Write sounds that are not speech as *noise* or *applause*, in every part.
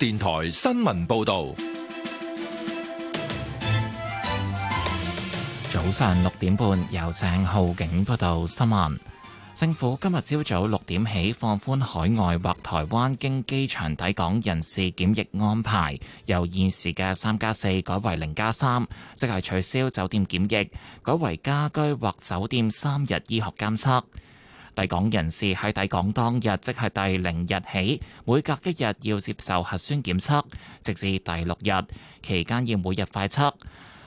電台新聞報道，早上六點半由鄭浩景報道新聞。政府今日朝早六點起放寬海外或台灣經機場抵港人士檢疫安排，由現時嘅三加四改為零加三，3，即係取消酒店檢疫，改為家居或酒店三日醫學監測。抵港人士喺抵港當日，即係第零日起，每隔一日要接受核酸檢測，直至第六日。期間要每日快測。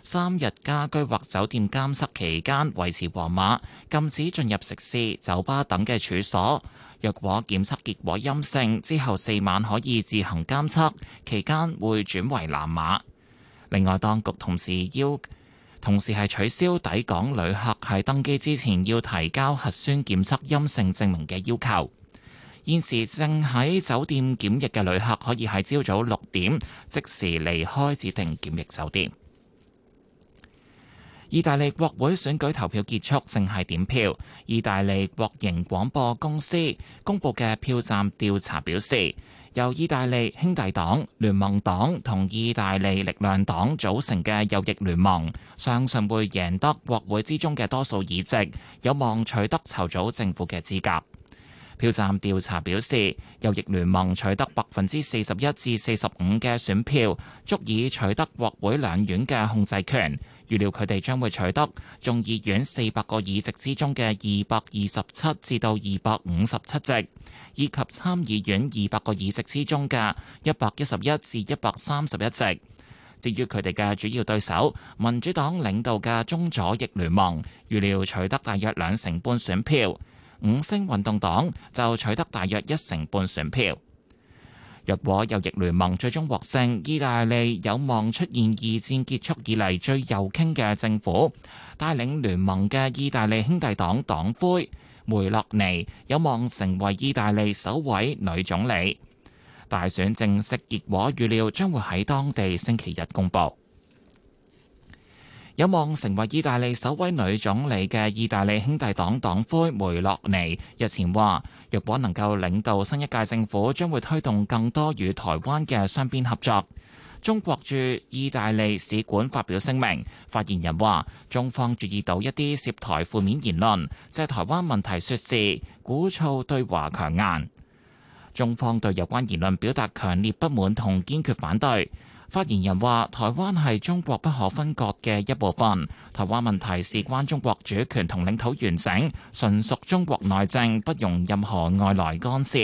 三日家居或酒店監測期間維持黃碼，禁止進入食肆、酒吧等嘅處所。若果檢測結果陰性，之後四晚可以自行監測，期間會轉為藍碼。另外，當局同時要。同時係取消抵港旅客喺登機之前要提交核酸檢測陰性證明嘅要求。現時正喺酒店檢疫嘅旅客可以喺朝早六點即時離開指定檢疫酒店。意大利國會選舉投票結束，正係點票。意大利國營廣播公司公布嘅票站調查表示。由意大利兄弟黨、聯盟黨同意大利力量黨組成嘅右翼聯盟，相信會贏得國會之中嘅多數議席，有望取得籌組政府嘅資格。票站調查表示，右翼聯盟取得百分之四十一至四十五嘅選票，足以取得國會兩院嘅控制權。預料佢哋將會取得眾議院四百個議席之中嘅二百二十七至到二百五十七席，以及參議院二百個議席之中嘅一百一十一至一百三十一席。至於佢哋嘅主要對手民主黨領導嘅中左翼聯盟，預料取得大約兩成半選票，五星運動黨就取得大約一成半選票。若果右翼聯盟最終獲勝，意大利有望出現二戰結束以嚟最右傾嘅政府。帶領聯盟嘅意大利兄弟黨黨魁梅洛尼有望成為意大利首位女總理。大選正式結果預料將會喺當地星期日公佈。有望成為意大利首位女總理嘅意大利兄弟黨黨魁梅洛尼日前話：若果能夠領導新一屆政府，將會推動更多與台灣嘅雙邊合作。中國駐意大利使館發表聲明，發言人話：中方注意到一啲涉台負面言論，借台灣問題説事，鼓噪對華強硬。中方對有關言論表達強烈不滿同堅決反對。發言人話：台灣係中國不可分割嘅一部分。台灣問題事關中國主權同領土完整，純屬中國內政，不容任何外來干涉。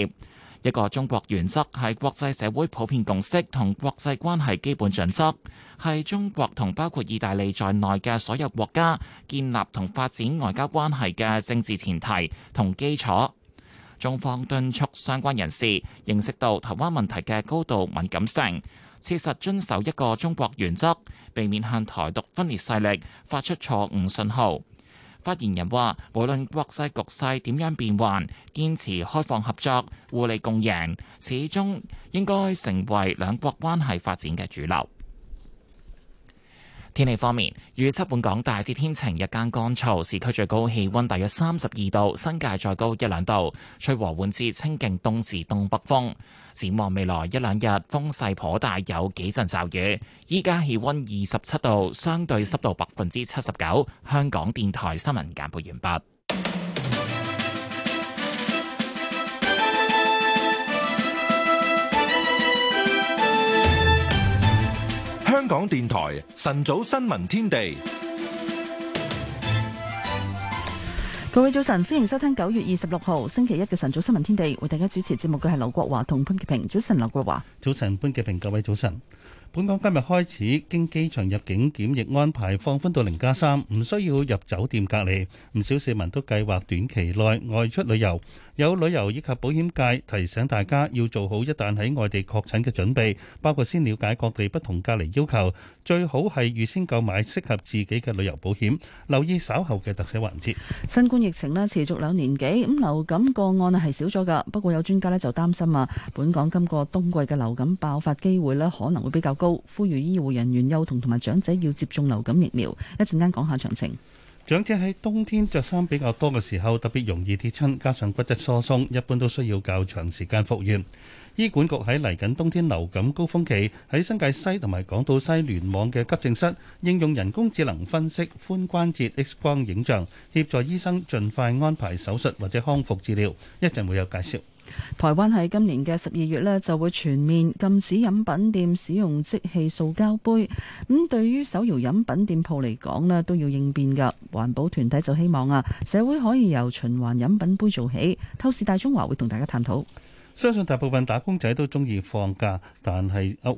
一個中國原則係國際社會普遍共識同國際關係基本準則，係中國同包括意大利在內嘅所有國家建立同發展外交關係嘅政治前提同基礎。中方敦促相關人士認識到台灣問題嘅高度敏感性，切實遵守一個中國原則，避免向台獨分裂勢力發出錯誤信號。發言人話，無論國際局勢點樣變幻，堅持開放合作、互利共贏，始終應該成為兩國關係發展嘅主流。天氣方面，預測本港大致天晴，日間乾燥，市區最高氣溫大約三十二度，新界再高一兩度，吹和緩至清勁東至東北風。展望未來一兩日，風勢頗大，有幾陣驟雨。依家氣温二十七度，相對濕度百分之七十九。香港電台新聞簡報完畢。香港電台晨早新聞天地。各位早晨，歡迎收聽九月二十六號星期一嘅晨早新聞天地。為大家主持節目嘅係劉國華同潘潔平。早晨，劉國華。早晨，潘潔平。各位早晨。本港今日開始經機場入境檢疫安排放寬到零加三，唔需要入酒店隔離。唔少市民都計劃短期內外出旅遊。有旅遊以及保險界提醒大家要做好一旦喺外地確診嘅準備，包括先了解各地不同隔離要求，最好係預先購買適合自己嘅旅遊保險。留意稍後嘅特寫環節。新冠疫情呢持續兩年幾，咁流感個案係少咗㗎，不過有專家呢就擔心啊，本港今個冬季嘅流感爆發機會呢可能會比較高，呼籲醫護人員、幼童同埋長者要接種流感疫苗。一陣間講下詳情。長者喺冬天着衫比較多嘅時候，特別容易跌親，加上骨質疏鬆，一般都需要較長時間復原。醫管局喺嚟緊冬天流感高峰期，喺新界西同埋港島西聯網嘅急症室，應用人工智能分析髖關節 X 光影像，協助醫生盡快安排手術或者康復治療。一陣會有介紹。台灣喺今年嘅十二月呢，就會全面禁止飲品店使用即棄塑膠杯。咁、嗯、對於手搖飲品店鋪嚟講呢都要應變㗎。環保團體就希望啊，社會可以由循環飲品杯做起。透視大中華會同大家探討。相信大部分打工仔都中意放假，但係澳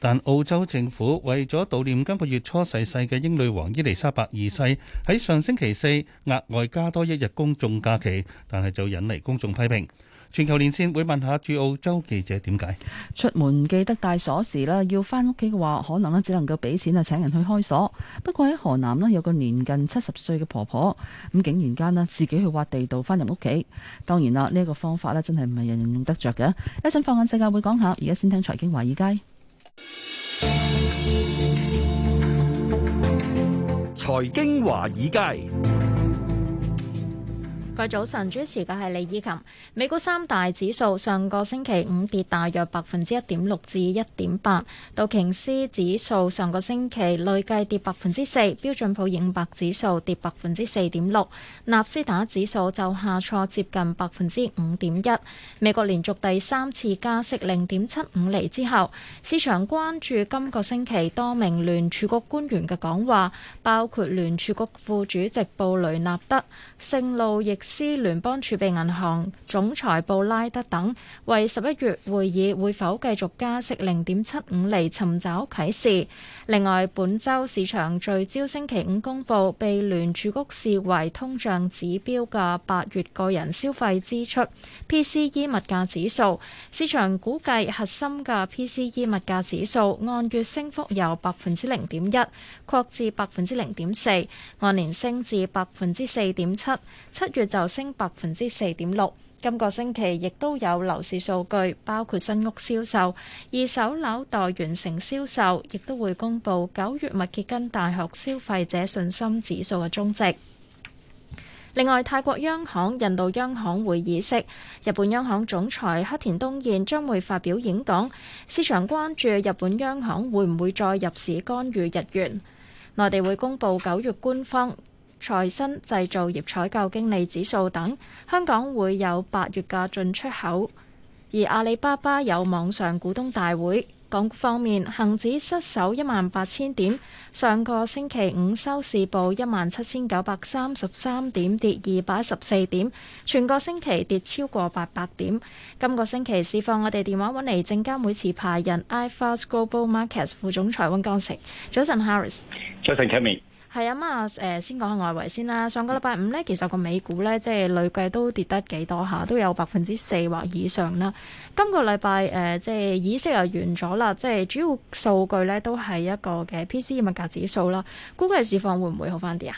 但澳洲政府為咗悼念今個月初逝世嘅英女王伊麗莎白二世，喺上星期四額外加多一日公眾假期，但係就引嚟公眾批評。全球連線會問下駐澳洲記者。點解出門記得帶鎖匙啦，要翻屋企嘅話，可能咧只能夠俾錢啊，請人去開鎖。不過喺河南呢，有個年近七十歲嘅婆婆，咁竟然間呢自己去挖地道翻入屋企。當然啦，呢一個方法呢真係唔係人人用得着嘅。一陣放眼世界會講下，而家先聽財經華爾街。財經華爾街。各位早晨，主持嘅係李依琴。美股三大指數上個星期五跌大約百分之一點六至一點八。道瓊斯指數上個星期累計跌百分之四，標準普爾五百指數跌百分之四點六，納斯達指數就下挫接近百分之五點一。美國連續第三次加息零點七五厘之後，市場關注今個星期多名聯儲局官員嘅講話，包括聯儲局副主席布雷納德、聖路易。斯聯邦儲備銀行總裁布拉德等，為十一月會議會否繼續加息零點七五厘尋找啟示。另外，本周市場聚焦星期五公佈被聯儲局視為通脹指標嘅八月個人消費支出 p c e 物價指數，市場估計核心嘅 p c e 物價指數按月升幅有百分之零點一。擴至百分之零點四，按年升至百分之四點七。七月就升百分之四點六。今個星期亦都有樓市數據，包括新屋銷售、二手樓待完成銷售，亦都會公布九月密歇根大學消費者信心指數嘅終值。另外，泰國央行、印度央行會議式，日本央行總裁黑田東彥將會發表演講。市場關注日本央行會唔會再入市干預日元。內地會公布九月官方財新製造業採購經理指數等，香港會有八月嘅進出口，而阿里巴巴有網上股東大會。港股方面，恒指失守一萬八千點，上個星期五收市報一萬七千九百三十三點，跌二百一十四點，全個星期跌超過八百點。今個星期，市況我哋電話揾嚟證監會持牌人 iFAST Global Markets 副總裁温剛成。早晨，Harris。早晨 k e 係啊，咁啊，誒先講下外圍先啦。上個禮拜五咧，其實個美股咧，即係累計都跌得幾多下，都有百分之四或以上啦。今個禮拜誒，即係議息又完咗啦，即係主要數據咧都係一個嘅 PCE 物價指數啦。估計市況會唔會好返啲啊？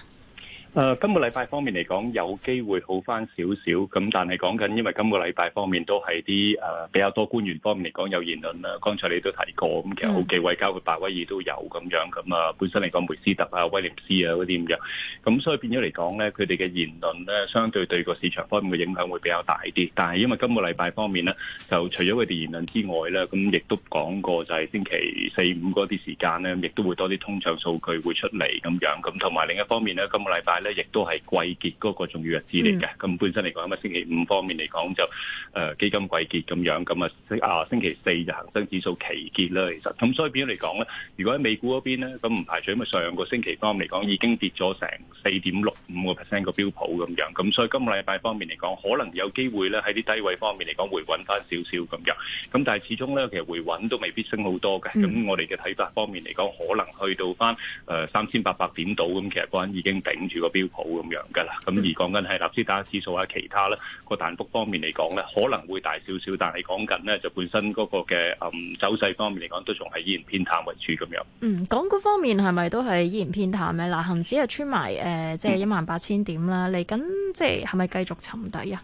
誒、啊，今個禮拜方面嚟講，有機會好翻少少。咁，但係講緊，因為今個禮拜方面都係啲誒比較多官員方面嚟講有言論啦。剛才你都提過，咁其實好幾位包括鮑威爾都有咁樣。咁啊，本身嚟講梅斯特啊、威廉斯啊嗰啲咁樣。咁、啊、所以變咗嚟講咧，佢哋嘅言論咧，相對對個市場方面嘅影響會比較大啲。但係因為今個禮拜方面咧，就除咗佢哋言論之外咧，咁亦都講過就係星期四五嗰啲時間咧，亦都會多啲通脹數據會出嚟咁樣。咁同埋另一方面咧，今個禮拜。亦都係季結嗰個重要日子嚟嘅，咁本身嚟講，今日星期五方面嚟講就誒、呃、基金季結咁樣，咁啊啊星期四就恒生指數期結啦。其實，咁所以變咗嚟講咧，如果喺美股嗰邊咧，咁唔排除因為上個星期方面嚟講已經跌咗成四點六五個 percent 個標普咁樣，咁所以今個禮拜方面嚟講，可能有機會咧喺啲低位方面嚟講會搵翻少少咁樣，咁但係始終咧其實回穩都未必升好多嘅，咁我哋嘅睇法方面嚟講，可能去到翻誒三千八百點度，咁其實個人已經頂住、那個。標普咁樣噶啦，咁而講緊係納斯達克指數啊，其他咧個彈幅方面嚟講咧，可能會大少少，但係講緊咧就本身嗰個嘅啊走勢方面嚟講，都仲係依然偏淡為主咁樣。嗯，港股方面係咪都係依然偏淡咧？嗱，恒指係穿埋誒，即係一萬八千點啦，嚟緊即係係咪繼續沉底啊？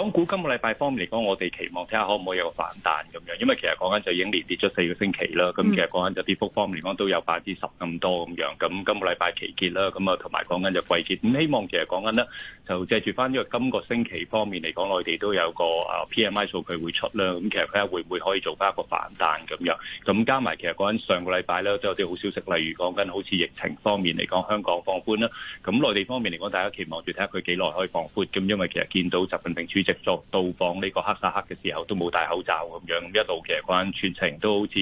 港股今個禮拜方面嚟講，我哋期望睇下可唔可以有個反彈咁樣，因為其實講緊就已經連跌咗四個星期啦。咁其實講緊就跌幅方面嚟講都有百分之十咁多咁樣。咁今個禮拜期結啦，咁啊同埋講緊就季結。咁、嗯、希望其實講緊呢，就借住翻，呢個今個星期方面嚟講，內地都有個啊 P M I 數據會出啦。咁其實睇下會唔會可以做翻一個反彈咁樣。咁加埋其實講緊上個禮拜咧都有啲好消息，例如講緊好似疫情方面嚟講，香港放寬啦。咁內地方面嚟講，大家期望住睇下佢幾耐可以放寬咁，因為其實見到習近平處。直作到訪呢個哈薩克嘅時候都冇戴口罩咁樣，一路其實講緊全程都好似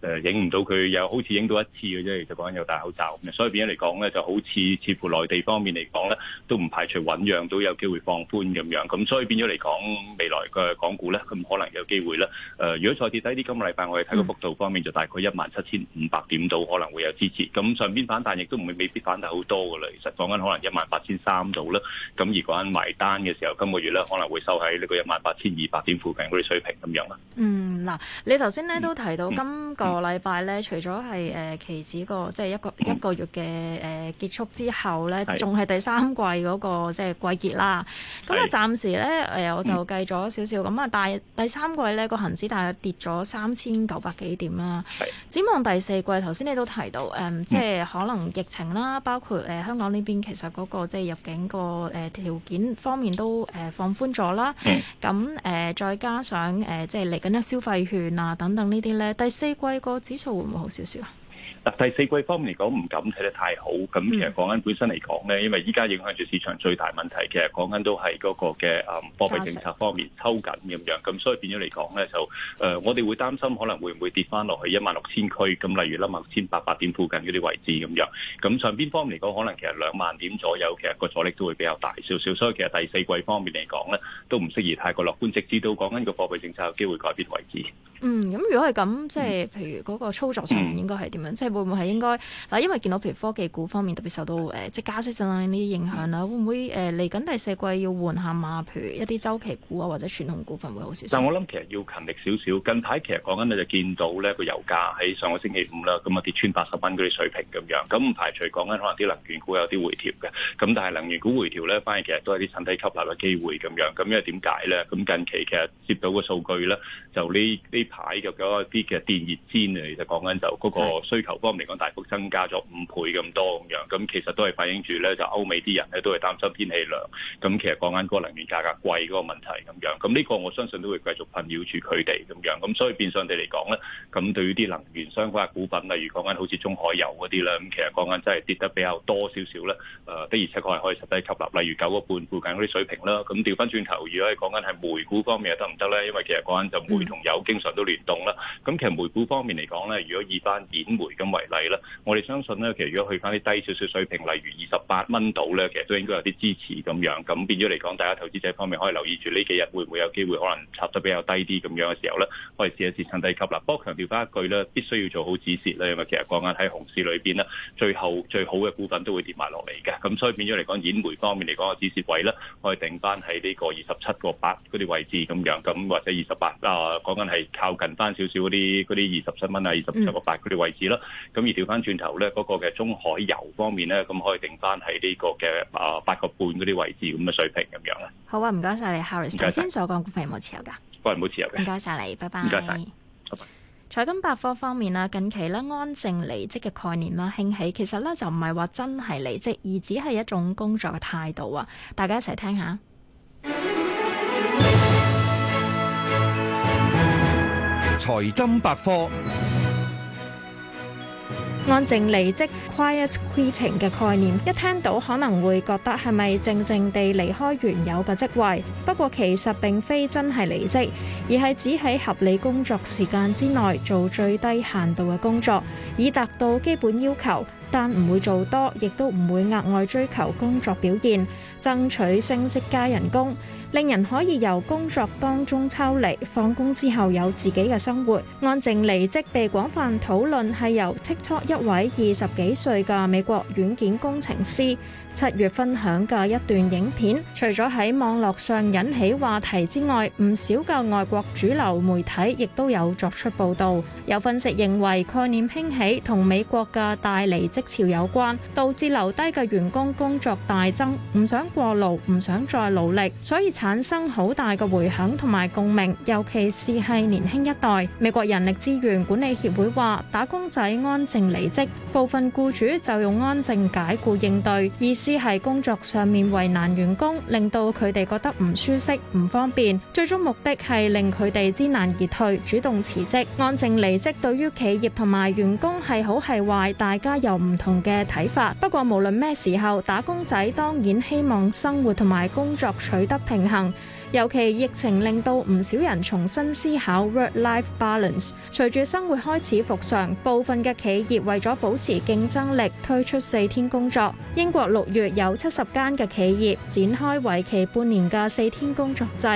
誒影唔到佢，又好似影到一次嘅啫。其實講緊有戴口罩咁所以變咗嚟講咧，就好似似乎內地方面嚟講咧，都唔排除醞釀到有機會放寬咁樣。咁所以變咗嚟講，未來嘅港股咧，佢唔可能有機會啦。誒、呃，如果再跌低啲，今個禮拜我哋睇個幅度方面就大概一萬七千五百點到，可能會有支持。咁上邊反彈亦都未未必反彈好多噶啦。其實講緊可能一萬八千三度啦。咁而講緊埋單嘅時候，今個月咧可能會。就喺呢個一萬八千二百點附近嗰啲水平咁樣啦。嗯，嗱，你頭先咧都提到、嗯、今個禮拜咧，除咗係誒期指個即係一個、嗯、一個月嘅誒結束之後咧，仲係、嗯、第三季嗰、嗰個即係季結啦。咁啊是，就暫時咧誒，我就計咗少少咁啊，嗯、但係第三季咧個恆指大約跌咗三千九百幾點啦。展是望第四季，頭先你都提到誒、嗯，即係可能疫情啦，包括誒香港呢邊其實嗰個即係入境個誒條件方面都誒放寬咗。啦，咁誒、嗯呃、再加上誒、呃，即係嚟緊嘅消費券啊，等等呢啲咧，第四季個指數會唔會好少少啊？第四季方面嚟講，唔敢睇得太好。咁其實講緊本身嚟講咧，因為依家影響住市場最大問題，其實講緊都係嗰個嘅誒貨幣政策方面抽緊咁樣。咁成所以變咗嚟講咧，就誒、呃、我哋會擔心可能會唔會跌翻落去一萬六千區咁，例如一萬六千八百點附近嗰啲位置咁樣。咁上邊方面嚟講，可能其實兩萬點左右，其實個阻力都會比較大少少。所以其實第四季方面嚟講咧，都唔適宜太過樂觀。直至到講緊個貨幣政策有機會改變為止。嗯，咁如果係咁，即係譬如嗰個操作上應該係點樣？即係、嗯嗯會唔會係應該嗱？因為見到譬如科技股方面特別受到誒即係加息上呢啲影響啦，會唔會誒嚟緊第四季要換下馬？譬如一啲週期股啊，或者傳統股份會好少？但係我諗其實要勤力少少。近排其實講緊你就見到咧，個油價喺上個星期五啦，咁啊跌穿八十蚊嗰啲水平咁樣。咁唔排除講緊可能啲能源股有啲回調嘅。咁但係能源股回調咧，反而其實都係啲趁低吸納嘅機會咁樣。咁因為點解咧？咁近期其實接到個數據咧。就呢呢排嘅嗰一啲嘅電熱氈啊，其實講緊就嗰個需求方面嚟講大幅增加咗五倍咁多咁樣，咁其實都係反映住咧就歐美啲人咧都係擔心天氣涼，咁其實講緊嗰個能源價格貴嗰個問題咁樣，咁呢個我相信都會繼續困擾住佢哋咁樣，咁所以變相地嚟講咧，咁對於啲能源相關嘅股份例如講緊好似中海油嗰啲啦，咁其實講緊真係跌得比較多少少啦，誒、呃、的而且確係可以實際吸納，例如九個半附近嗰啲水平啦，咁調返轉頭，如果係講緊係煤股方面又得唔得咧？因為其實講緊就同友經常都聯動啦，咁其實煤股方面嚟講咧，如果以翻兗煤咁為例啦，我哋相信咧，其實如果去翻啲低少少水平，例如二十八蚊度咧，其實都應該有啲支持咁樣。咁變咗嚟講，大家投資者方面可以留意住呢幾日會唔會有機會可能插得比較低啲咁樣嘅時候咧，可以試一試趁低吸啦。不過強調翻一句咧，必須要做好止蝕咧，因為其實講緊喺熊市裏邊咧，最後最好嘅股份都會跌埋落嚟嘅。咁所以變咗嚟講，兗煤方面嚟講嘅止蝕位咧，可以定翻喺呢個二十七個八嗰啲位置咁樣，咁或者二十八啊。講緊係靠近翻少少嗰啲嗰啲二十七蚊啊，二十七個八嗰啲位置咯。咁、嗯、而調翻轉頭咧，嗰、嗰個嘅中海油方面咧，咁可以定翻係呢個嘅啊八個半嗰啲位置咁嘅、嗰個、水平咁樣咧。好啊，唔該晒你，Harris 頭先所講股份有冇持有㗎？冇持有嘅。唔該晒你，拜拜。唔該曬，好。財經百貨方面啦，近期咧安靜離職嘅概念啦興起，其實咧就唔係話真係離職，而只係一種工作嘅態度啊！大家一齊聽下。財金百科，安靜離職 （quiet quitting） 嘅概念，一聽到可能會覺得係咪靜靜地離開原有嘅職位？不過其實並非真係離職，而係只喺合理工作時間之內做最低限度嘅工作，以達到基本要求，但唔會做多，亦都唔會額外追求工作表現，爭取升職加人工。令人可以由工作當中抽離，放工之後有自己嘅生活，安靜離職被廣泛討論，係由 TikTok 一位二十幾歲嘅美國軟件工程師七月分享嘅一段影片，除咗喺網絡上引起話題之外，唔少嘅外國主流媒體亦都有作出報道。有分析認為，概念興起同美國嘅大離職潮有關，導致留低嘅員工工作大增，唔想過勞，唔想再努力，所以產生好大嘅回響同埋共鳴，尤其是係年輕一代。美國人力資源管理協會話，打工仔安靜離職，部分僱主就用安靜解僱應對，而。只係工作上面為難員工，令到佢哋覺得唔舒適、唔方便，最終目的係令佢哋知難而退，主動辭職、安靜離職。對於企業同埋員工係好係壞，大家有唔同嘅睇法。不過無論咩時候，打工仔當然希望生活同埋工作取得平衡。尤其疫情令到唔少人重新思考 work-life balance. 隨住生活開始復常，部分嘅企業為咗保持競爭力，推出四天工作。英國六月有七十間嘅企業展開為期半年嘅四天工作制。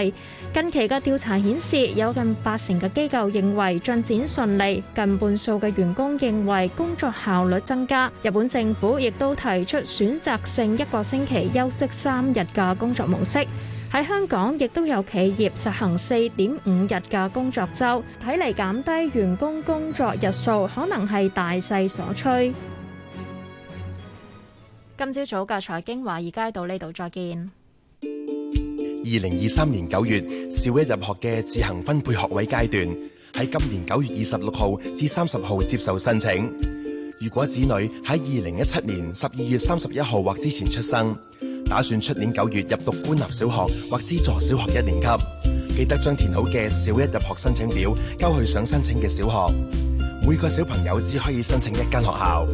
近期嘅調查顯示，有近八成嘅機構認為進展順利，近半數嘅員工認為工作效率增加。日本政府亦都提出選擇性一個星期休息三日嘅工作模式。喺香港，亦都有企業實行四點五日嘅工作週，睇嚟減低員工工作日數，可能係大勢所趨。今朝早嘅財經華爾街到呢度，再見。二零二三年九月，小一入學嘅自行分配學位階段，喺今年九月二十六號至三十號接受申請。如果子女喺二零一七年十二月三十一號或之前出生，打算出年九月入讀官立小學或資助小學一年級，記得將填好嘅小一入學申請表交去想申請嘅小學。每個小朋友只可以申請一間學校。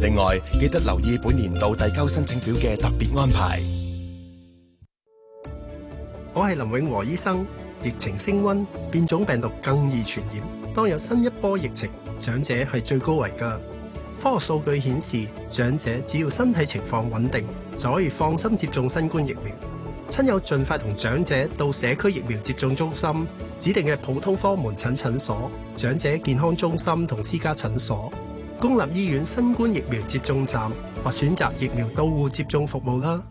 另外，記得留意本年度遞交申請表嘅特別安排。我係林永和醫生。疫情升温，變種病毒更易傳染。當有新一波疫情，長者係最高危噶。科學數據顯示，長者只要身體情況穩定，就可以放心接種新冠疫苗。親友盡快同長者到社區疫苗接種中心、指定嘅普通科門診診所、長者健康中心同私家診所、公立醫院新冠疫苗接種站或選擇疫苗到戶接種服務啦。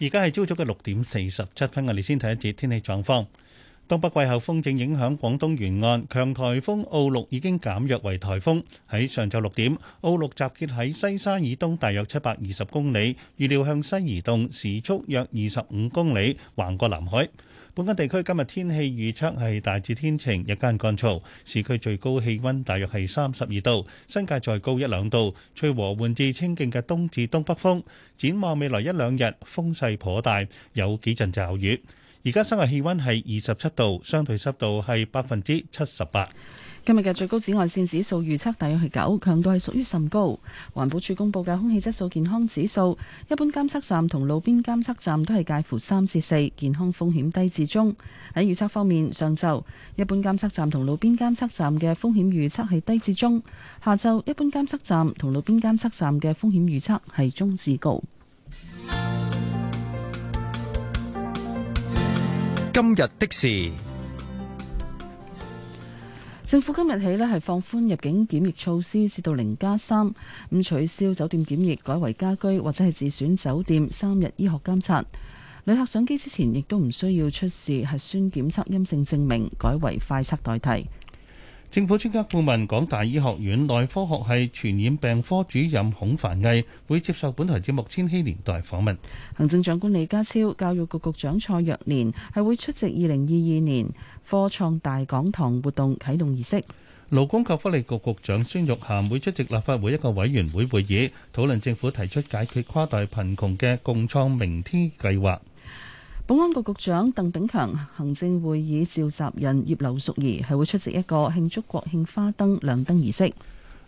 而家係朝早嘅六點四十七分，我哋先睇一節天氣狀況。東北季候風正影響廣東沿岸，強台風奧鹿已經減弱為台風。喺上晝六點，奧鹿集結喺西沙以東大約七百二十公里，預料向西移動，時速約二十五公里，橫過南海。本港地區今日天氣預測係大致天晴，日間乾燥，市區最高氣溫大約係三十二度，新界再高一兩度。吹和緩至清勁嘅東至東北風，展望未來一兩日風勢頗大，有幾陣驟雨。而家室外氣溫係二十七度，相對濕度係百分之七十八。今日嘅最高紫外線指數預測大約係九，強度係屬於甚高。環保署公布嘅空氣質素健康指數，一般監測站同路邊監測站都係介乎三至四，健康風險低至中。喺預測方面，上晝一般監測站同路邊監測站嘅風險預測係低至中，下晝一般監測站同路邊監測站嘅風險預測係中至高。今日的事，政府今日起呢係放寬入境檢疫措施至，至到零加三，咁取消酒店檢疫，改為家居或者係自選酒店三日醫學監察。旅客上機之前，亦都唔需要出示核酸檢測陰性證明，改為快測代替。政府專家顧問、港大醫學院內科學系傳染病科主任孔繁毅會接受本台節目《千禧年代》訪問。行政長官李家超、教育局局長蔡若蓮係會出席二零二二年科創大講堂活動啟動儀式。勞工及福利局局長孫玉菡會出席立法會一個委員會會議，討論政府提出解決跨代貧窮嘅共創明天計劃。保安局局長鄧炳強行政會議召集人葉劉淑儀係會出席一個慶祝國慶花燈亮燈儀式。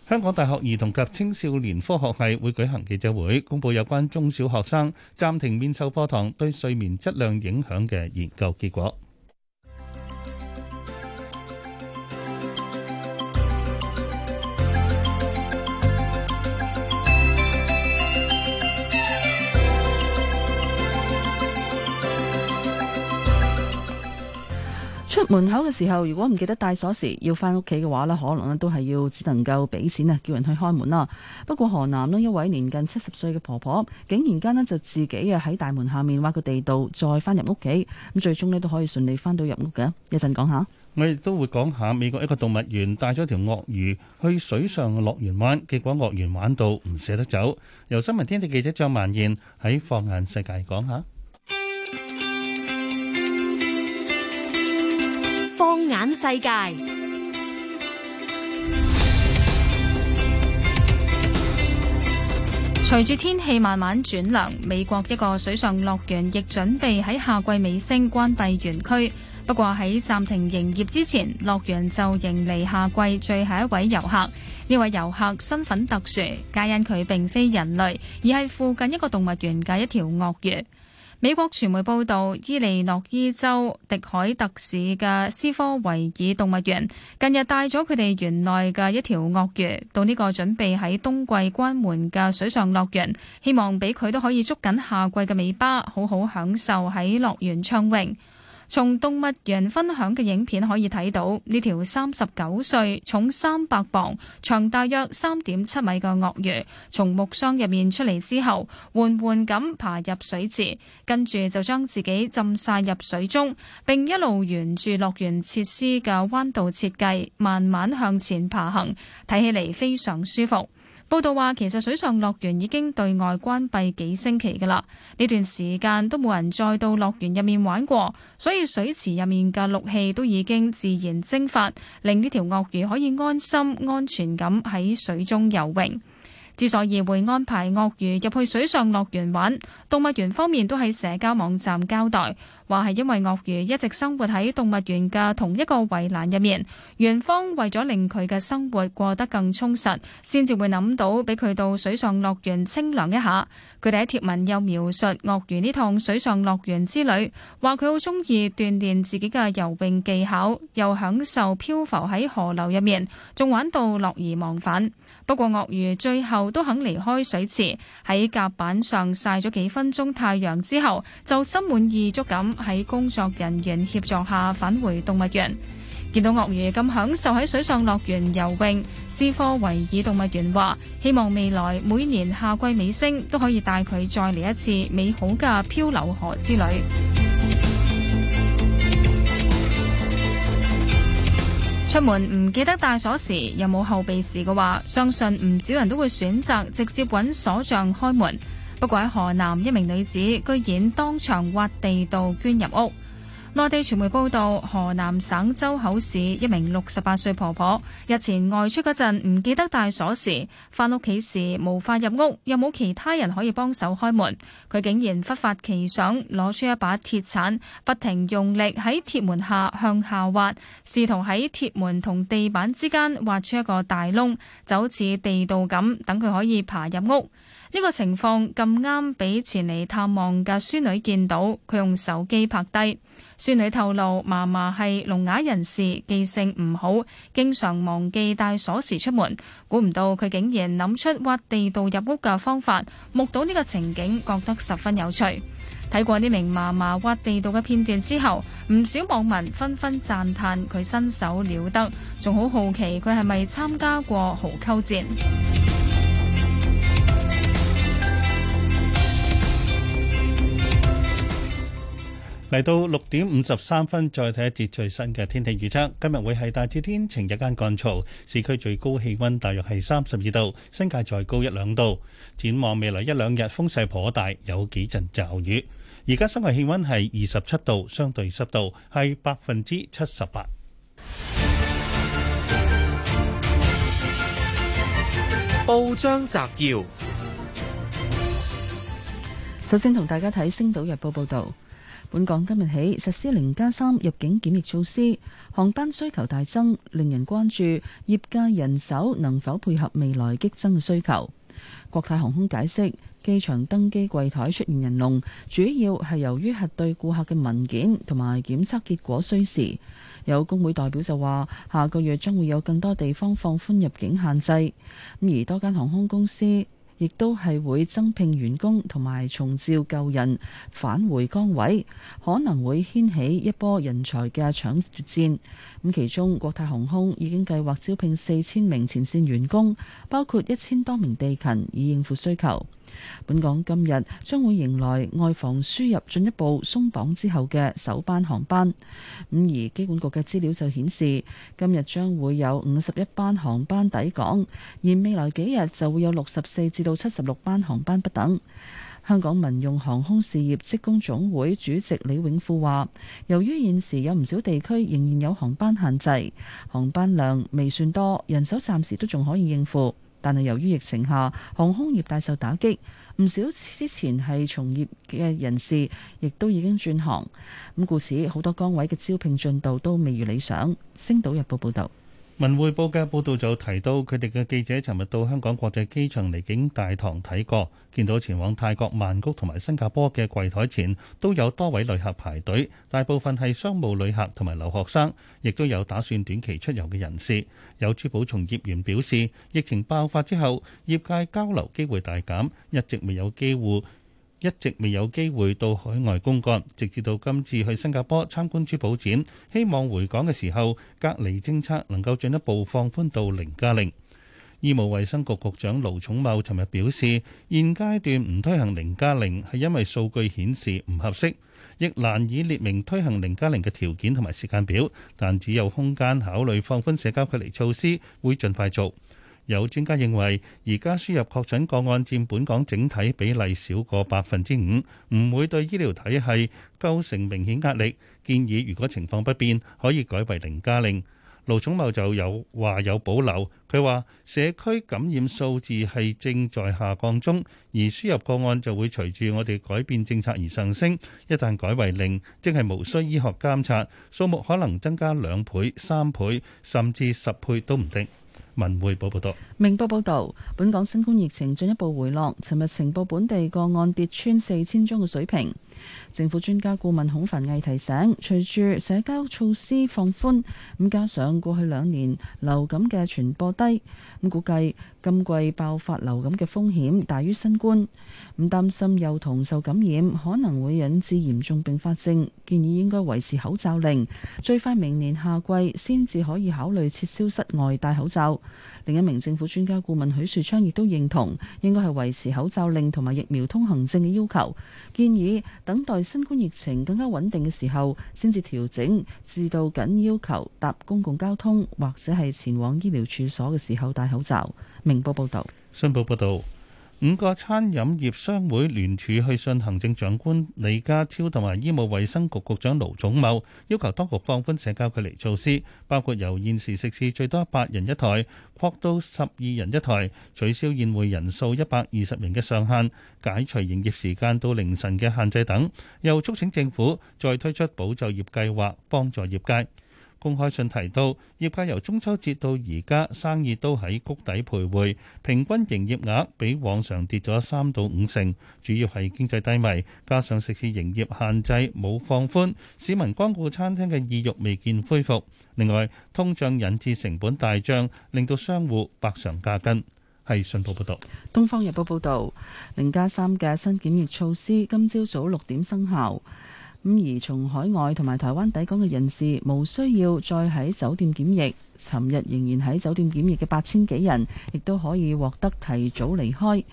香港大學兒童及青少年科學係會舉行記者會，公布有關中小學生暫停面授課堂對睡眠質量影響嘅研究結果。出門口嘅時候，如果唔記得帶鎖匙，要翻屋企嘅話呢，可能咧都係要只能夠俾錢啊，叫人去開門啦。不過河南呢一位年近七十歲嘅婆婆，竟然間呢就自己啊喺大門下面挖個地道，再翻入屋企，咁最終呢都可以順利翻到入屋嘅。講一陣講下，我亦都會講下美國一個動物園帶咗條鱷魚去水上樂園玩，結果鱷魚玩到唔捨得走。由新聞天地記者張萬燕喺放眼世界講下。眼世界。隨住天氣慢慢轉涼，美國一個水上樂園亦準備喺夏季尾聲關閉園區。不過喺暫停營業之前，樂園就迎嚟夏季最後一位遊客。呢位遊客身份特殊，皆因佢並非人類，而係附近一個動物園嘅一條鱷魚。美國傳媒報道，伊利諾伊州迪凱特市嘅斯科維爾動物園近日帶咗佢哋園內嘅一條鱷魚到呢個準備喺冬季關門嘅水上樂園，希望俾佢都可以捉緊夏季嘅尾巴，好好享受喺樂園暢泳。從動物園分享嘅影片可以睇到，呢條三十九歲、重三百磅、長大約三點七米嘅鱷魚，從木箱入面出嚟之後，緩緩咁爬入水池，跟住就將自己浸晒入水中，並一路沿住樂園設施嘅彎道設計，慢慢向前爬行，睇起嚟非常舒服。報道話，其實水上樂園已經對外關閉幾星期㗎啦。呢段時間都冇人再到樂園入面玩過，所以水池入面嘅氯氣都已經自然蒸發，令呢條鱷魚可以安心、安全咁喺水中游泳。之所以會安排鱷魚入去水上樂園玩，動物園方面都喺社交網站交代，話係因為鱷魚一直生活喺動物園嘅同一個圍欄入面，園方為咗令佢嘅生活過得更充實，先至會諗到俾佢到水上樂園清涼一下。佢哋喺貼文又描述鱷魚呢趟水上樂園之旅，話佢好中意鍛煉自己嘅游泳技巧，又享受漂浮喺河流入面，仲玩到樂而忘返。不過鱷魚最後都肯離開水池，喺甲板上曬咗幾分鐘太陽之後，就心滿意足咁喺工作人員協助下返回動物園。見到鱷魚咁享受喺水上樂園游泳，斯科維爾動物園話：希望未來每年夏季尾聲都可以帶佢再嚟一次美好嘅漂流河之旅。出門唔記得帶鎖匙，又冇後備匙嘅話，相信唔少人都會選擇直接揾鎖匠開門。不過喺河南，一名女子居然當場挖地道捐入屋。內地傳媒報道，河南省周口市一名六十八歲婆婆日前外出嗰陣唔記得帶鎖匙，翻屋企時無法入屋，又冇其他人可以幫手開門，佢竟然忽發奇想，攞出一把鐵鏟，不停用力喺鐵門下向下挖，試圖喺鐵門同地板之間挖出一個大窿，就好似地道咁，等佢可以爬入屋。呢個情況咁啱俾前嚟探望嘅孫女見到，佢用手機拍低。孫女透露，嫲嫲係聾啞人士，記性唔好，經常忘記帶鎖匙出門。估唔到佢竟然諗出挖地道入屋嘅方法，目睹呢個情景覺得十分有趣。睇過呢名嫲嫲挖地道嘅片段之後，唔少網民紛紛讚歎佢身手了得，仲好好奇佢係咪參加過壕溝戰。嚟到六點五十三分，再睇一節最新嘅天氣預測。今日會係大致天晴，日間乾燥，市區最高氣溫大約係三十二度，新界再高一兩度。展望未來一兩日，風勢頗大，有幾陣驟雨。而家室外氣溫係二十七度，相對濕度係百分之七十八。報章摘要，首先同大家睇《星島日報》報道。本港今日起實施零加三入境檢疫措施，航班需求大增，令人關注業界人手能否配合未來激增嘅需求。國泰航空解釋，機場登機櫃台出現人龍，主要係由於核對顧客嘅文件同埋檢測結果需時。有工會代表就話，下個月將會有更多地方放寬入境限制。咁而多間航空公司，亦都係會增聘員工同埋重召舊人返回崗位，可能會掀起一波人才嘅搶奪戰。咁其中，國泰航空已經計劃招聘四千名前線員工，包括一千多名地勤，以應付需求。本港今日將會迎來外防輸入進一步鬆綁之後嘅首班航班，咁而機管局嘅資料就顯示，今日將會有五十一班航班抵港，而未來幾日就會有六十四至到七十六班航班不等。香港民用航空事業職工總會主席李永富話，由於現時有唔少地區仍然有航班限制，航班量未算多，人手暫時都仲可以應付。但係由於疫情下，航空業大受打擊，唔少之前係從業嘅人士，亦都已經轉行。故此好多崗位嘅招聘進度都未如理想。星島日報報導。文匯報嘅報道就提到，佢哋嘅記者尋日到香港國際機場離境大堂睇過，見到前往泰國曼谷同埋新加坡嘅櫃枱前都有多位旅客排隊，大部分係商務旅客同埋留學生，亦都有打算短期出遊嘅人士。有珠寶從業員表示，疫情爆發之後，業界交流機會大減，一直未有機會。一直未有機會到海外公幹，直至到今次去新加坡參觀珠寶展，希望回港嘅時候隔離政策能夠進一步放寬到零加零。醫務衛生局局長盧寵茂尋日表示，現階段唔推行零加零係因為數據顯示唔合適，亦難以列明推行零加零嘅條件同埋時間表，但只有空間考慮放寬社交距離措施，會盡快做。有專家認為，而家輸入確診個案佔本港整體比例少過百分之五，唔會對醫療體系構成明顯壓力。建議如果情況不變，可以改為零加零。盧寵茂就有話有保留，佢話社區感染數字係正在下降中，而輸入個案就會隨住我哋改變政策而上升。一旦改為零，即係無需醫學監察，數目可能增加兩倍、三倍甚至十倍都唔定。文匯報報道，明報報道，本港新冠疫情進一步回落，尋日情報本地個案跌穿四千宗嘅水平。政府專家顧問孔凡毅提醒，隨住社交措施放寬，咁加上過去兩年流感嘅傳播低，咁估計今季爆發流感嘅風險大於新冠，咁擔心幼童受感染可能會引致嚴重併發症，建議應該維持口罩令，最快明年夏季先至可以考慮撤銷室外戴口罩。另一名政府專家顧問許樹昌亦都認同，應該係維持口罩令同埋疫苗通行證嘅要求，建議等待新冠疫情更加穩定嘅時候，先至調整至到僅要求搭公共交通或者係前往醫療處所嘅時候戴口罩。明報報道。新報報導。五個餐飲業商會聯署去信行政長官李家超同埋醫務衛生局局長盧寵茂，要求當局放寬社交距離措施，包括由現時食肆最多八人一台擴到十二人一台，取消宴會人數一百二十人嘅上限，解除營業時間到凌晨嘅限制等，又促請政府再推出保就業計劃，幫助業界。公開信提到，業界由中秋節到而家生意都喺谷底徘徊，平均營業額比往常跌咗三到五成，主要係經濟低迷，加上食肆營業限制冇放寬，市民光顧餐廳嘅意欲未見恢復。另外，通脹引致成本大漲，令到商戶百上加斤。係信報報導。《東方日報》報導，零加三嘅新檢疫措施今朝早六點生效。咁而從海外同埋台灣抵港嘅人士，無需要再喺酒店檢疫。尋日仍然喺酒店檢疫嘅八千幾人，亦都可以獲得提早離開。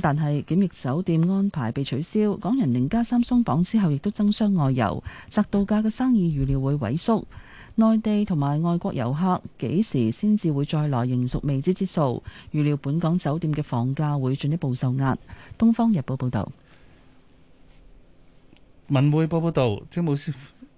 但係檢疫酒店安排被取消，港人零加三鬆綁之後，亦都爭相外遊，宅度假嘅生意預料會萎縮。內地同埋外國遊客幾時先至會再來，仍屬未知之數。預料本港酒店嘅房價會進一步受壓。《東方日報》報導。文匯報報道，政務司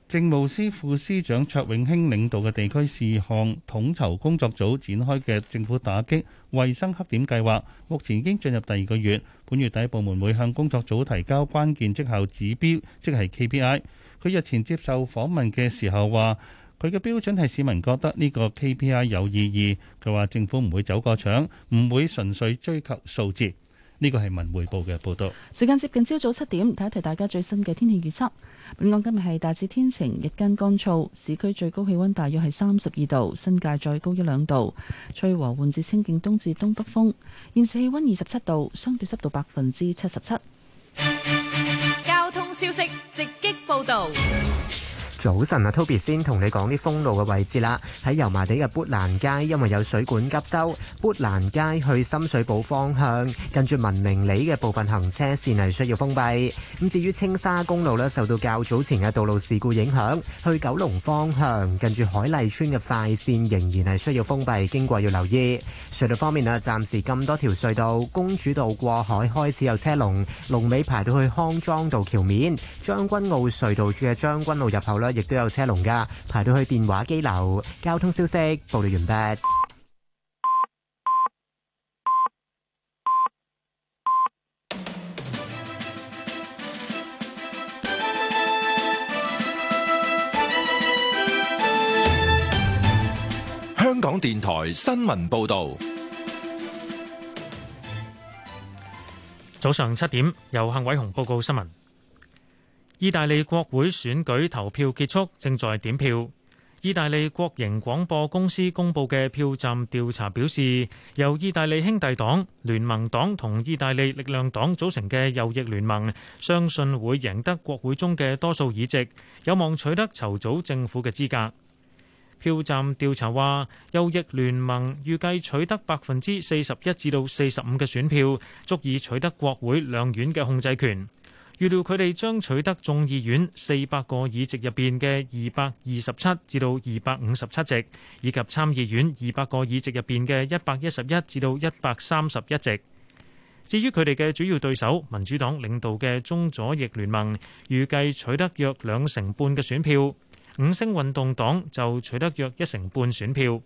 政務司副司長卓永興領導嘅地區事項統籌工作組展開嘅政府打擊衛生黑點計劃，目前已經進入第二個月。本月底，部門會向工作組提交關鍵績效指標，即係 KPI。佢日前接受訪問嘅時候話，佢嘅標準係市民覺得呢個 KPI 有意義。佢話政府唔會走過場，唔會純粹追求數字。呢個係文匯報嘅報道。時間接近朝早七點，睇一睇大家最新嘅天氣預測。本港今日係大致天晴，日間乾燥，市區最高氣溫大約係三十二度，新界再高一兩度，吹和緩至清勁東至東北風。現時氣溫二十七度，相對濕度百分之七十七。交通消息直擊報道。早晨啊，Toby 先同你講啲封路嘅位置啦。喺油麻地嘅砵蘭街，因為有水管急修，砵蘭街去深水埗方向，近住文明里嘅部分行車線係需要封閉。咁至於青沙公路咧，受到較早前嘅道路事故影響，去九龍方向近住海麗村嘅快線仍然係需要封閉，經過要留意。隧道方面啊，暫時咁多條隧道，公主道過海開始有車龍，龍尾排到去康莊道橋面，將軍澳隧道嘅將軍澳入口呢，亦都有車龍噶，排到去電話機樓。交通消息報道完畢。香港電台新聞報道，早上七點，由幸偉雄報告新聞。意大利國會選舉投票結束，正在點票。意大利國營廣播公司公布嘅票站調查表示，由意大利兄弟黨、聯盟黨同意大利力量黨組成嘅右翼聯盟，相信會贏得國會中嘅多數議席，有望取得籌組政府嘅資格。票站調查話，右翼聯盟預計取得百分之四十一至到四十五嘅選票，足以取得國會兩院嘅控制權。預料佢哋將取得眾議院四百個議席入邊嘅二百二十七至到二百五十七席，以及參議院二百個議席入邊嘅一百一十一至到一百三十一席。至於佢哋嘅主要對手，民主黨領導嘅中左翼聯盟，預計取得約兩成半嘅選票。五星運動黨就取得約一成半選票。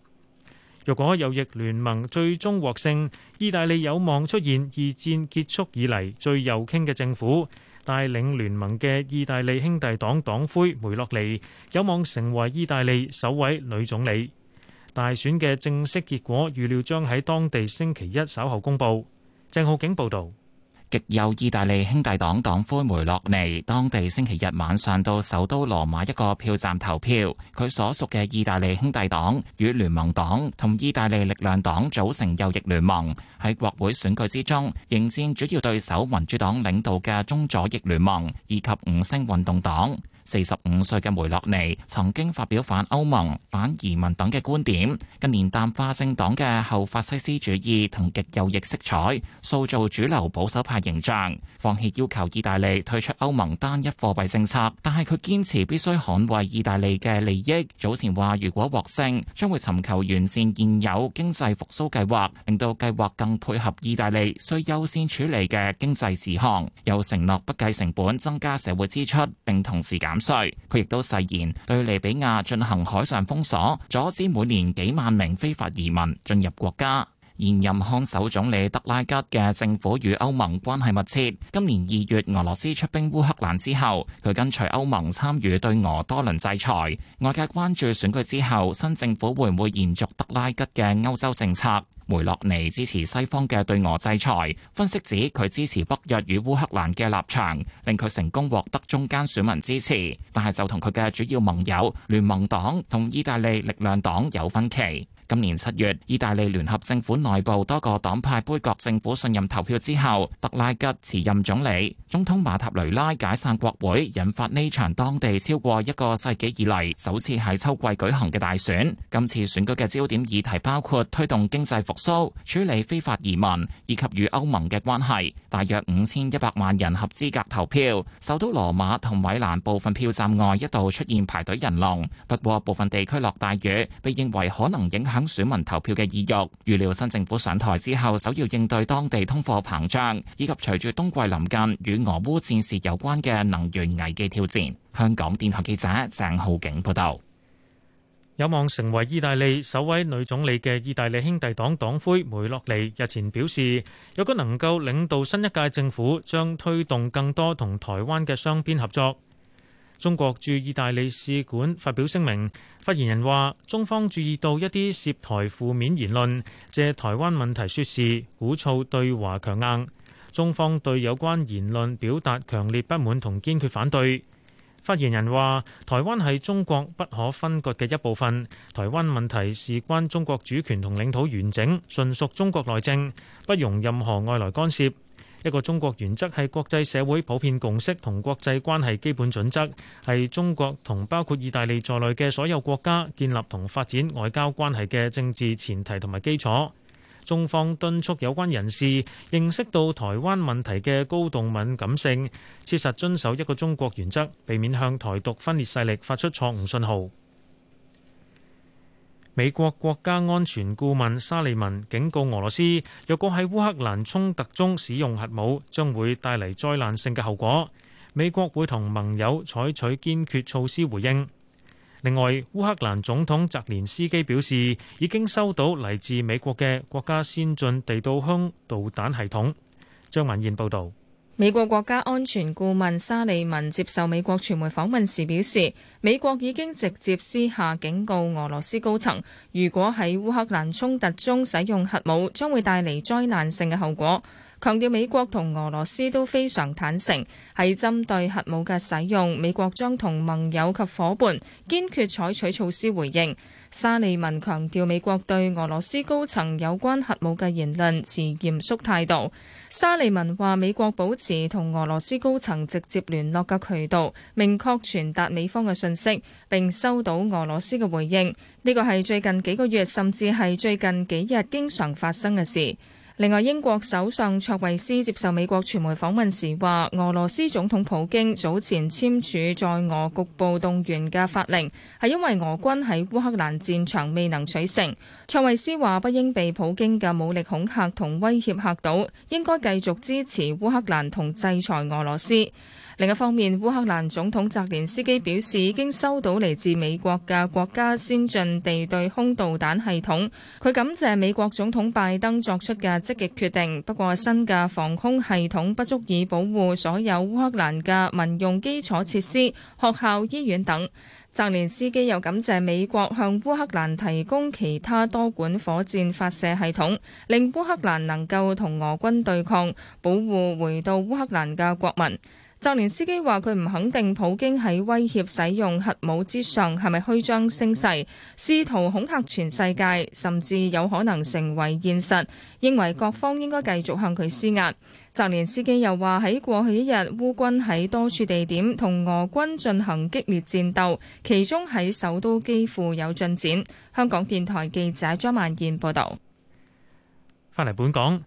若果右翼聯盟最終獲勝，意大利有望出現二戰結束以嚟最右傾嘅政府。帶領聯盟嘅意大利兄弟黨黨魁梅洛尼有望成為意大利首位女總理。大選嘅正式結果預料將喺當地星期一稍後公布。鄭浩景報導。極右意大利兄弟黨黨魁梅洛尼，當地星期日晚上到首都羅馬一個票站投票。佢所屬嘅意大利兄弟黨與聯盟黨同意大利力量黨組成右翼聯盟，喺國會選舉之中迎戰主要對手民主黨領導嘅中左翼聯盟以及五星運動黨。四十五歲嘅梅洛尼曾經發表反歐盟、反移民等嘅觀點，近年淡化政黨嘅後法西斯主義同極右翼色彩，塑造主流保守派形象。放棄要求意大利退出歐盟單一貨幣政策，但係佢堅持必須捍衛意大利嘅利益。早前話如果獲勝，將會尋求完善現有經濟復甦計劃，令到計劃更配合意大利需優先處理嘅經濟事項，又承諾不計成本增加社會支出，並同時減。佢亦都誓言對利比亞進行海上封鎖，阻止每年幾萬名非法移民進入國家。現任看守總理德拉吉嘅政府與歐盟關係密切。今年二月俄羅斯出兵烏克蘭之後，佢跟隨歐盟參與對俄多輪制裁。外界關注選舉之後新政府會唔會延續德拉吉嘅歐洲政策。梅洛尼支持西方嘅對俄制裁，分析指佢支持北約與烏克蘭嘅立場，令佢成功獲得中間選民支持。但係就同佢嘅主要盟友聯盟黨同意大利力量黨有分歧。今年七月，意大利聯合政府內部多個黨派杯葛政府信任投票之後，特拉吉辭任總理，總統馬塔雷拉解散國會，引發呢場當地超過一個世紀以嚟首次喺秋季舉行嘅大選。今次選舉嘅焦點議題包括推動經濟復甦、處理非法移民以及與歐盟嘅關係。大約五千一百萬人合資格投票，首都羅馬同米蘭部分票站外一度出現排隊人龍。不過部分地區落大雨，被認為可能影響選民投票嘅意欲。預料新政府上台之後，首要應對當地通貨膨脹，以及隨住冬季臨近與俄烏戰事有關嘅能源危機挑戰。香港電台記者鄭浩景報道。有望成為意大利首位女總理嘅意大利兄弟黨黨魁梅洛尼日前表示，如果能夠領導新一屆政府，將推動更多同台灣嘅雙邊合作。中國駐意大利使館發表聲明，發言人話：中方注意到一啲涉台負面言論，借台灣問題說事，鼓噪對華強硬。中方對有關言論表達強烈不滿同堅決反對。發言人話：台灣係中國不可分割嘅一部分，台灣問題事關中國主權同領土完整，純屬中國內政，不容任何外來干涉。一個中國原則係國際社會普遍共識同國際關係基本準則，係中國同包括意大利在內嘅所有國家建立同發展外交關係嘅政治前提同埋基礎。中方敦促有關人士認識到台灣問題嘅高度敏感性，切實遵守一個中國原則，避免向台獨分裂勢力發出錯誤信號。美國國家安全顧問沙利文警告俄羅斯，若果喺烏克蘭衝突中使用核武，將會帶嚟災難性嘅後果。美國會同盟友採取堅決措施回應。另外，烏克蘭總統澤連斯基表示，已經收到嚟自美國嘅國家先進地對空導彈系統。張文燕報道。美國國家安全顧問沙利文接受美國傳媒訪問時表示，美國已經直接私下警告俄羅斯高層，如果喺烏克蘭衝突中使用核武，將會帶嚟災難性嘅後果。強調美國同俄羅斯都非常坦誠，喺針對核武嘅使用，美國將同盟友及伙伴堅決採取措施回應。沙利文強調，美國對俄羅斯高層有關核武嘅言論持嚴肅態度。沙利文話：美國保持同俄羅斯高層直接聯絡嘅渠道，明確傳達美方嘅信息，並收到俄羅斯嘅回應。呢個係最近幾個月，甚至係最近幾日經常發生嘅事。另外，英國首相卓慧思接受美國傳媒訪問時話，俄羅斯總統普京早前簽署在俄局部動員嘅法令，係因為俄軍喺烏克蘭戰場未能取勝。卓慧思話，不應被普京嘅武力恐嚇同威脅嚇倒，應該繼續支持烏克蘭同制裁俄羅斯。另一方面，烏克蘭總統澤連斯基表示已經收到嚟自美國嘅國家先進地對空導彈系統。佢感謝美國總統拜登作出嘅積極決定，不過新嘅防空系統不足以保護所有烏克蘭嘅民用基礎設施、學校、醫院等。澤連斯基又感謝美國向烏克蘭提供其他多管火箭發射系統，令烏克蘭能夠同俄軍對抗，保護回到烏克蘭嘅國民。澤連斯基話：佢唔肯定普京喺威脅使用核武之上係咪虛張聲勢，試圖恐嚇全世界，甚至有可能成為現實。認為各方應該繼續向佢施壓。澤連斯基又話：喺過去一日，烏軍喺多處地點同俄軍進行激烈戰鬥，其中喺首都幾乎有進展。香港電台記者張曼燕報道。翻嚟本港。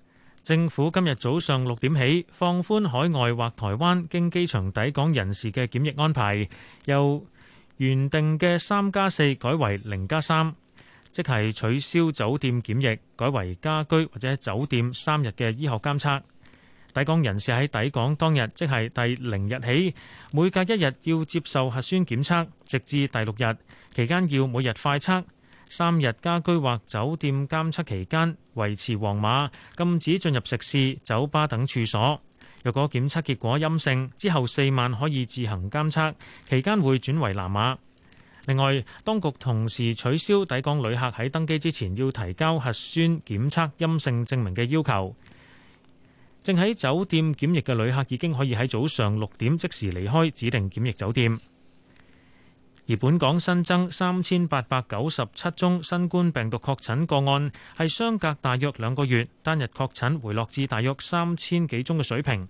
政府今日早上六點起放寬海外或台灣經機場抵港人士嘅檢疫安排，由原定嘅三加四改為零加三，即係取消酒店檢疫，改為家居或者酒店三日嘅醫學監測。抵港人士喺抵港當日，即係第零日起，每隔一日要接受核酸檢測，直至第六日，期間要每日快測。三日家居或酒店監測期間維持黃碼，禁止進入食肆、酒吧等處所。若果檢測結果陰性，之後四晚可以自行監測，期間會轉為藍碼。另外，當局同時取消抵港旅客喺登機之前要提交核酸檢測陰性證明嘅要求。正喺酒店檢疫嘅旅客已經可以喺早上六點即時離開指定檢疫酒店。而本港新增三千八百九十七宗新冠病毒確診個案，係相隔大約兩個月，單日確診回落至大約三千幾宗嘅水平。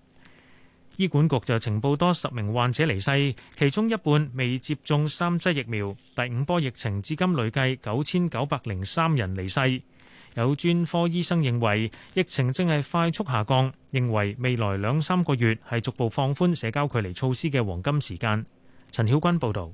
醫管局就情報多十名患者離世，其中一半未接種三劑疫苗。第五波疫情至今累計九千九百零三人離世。有專科醫生認為疫情正係快速下降，認為未來兩三個月係逐步放寬社交距離措施嘅黃金時間。陳曉君報道。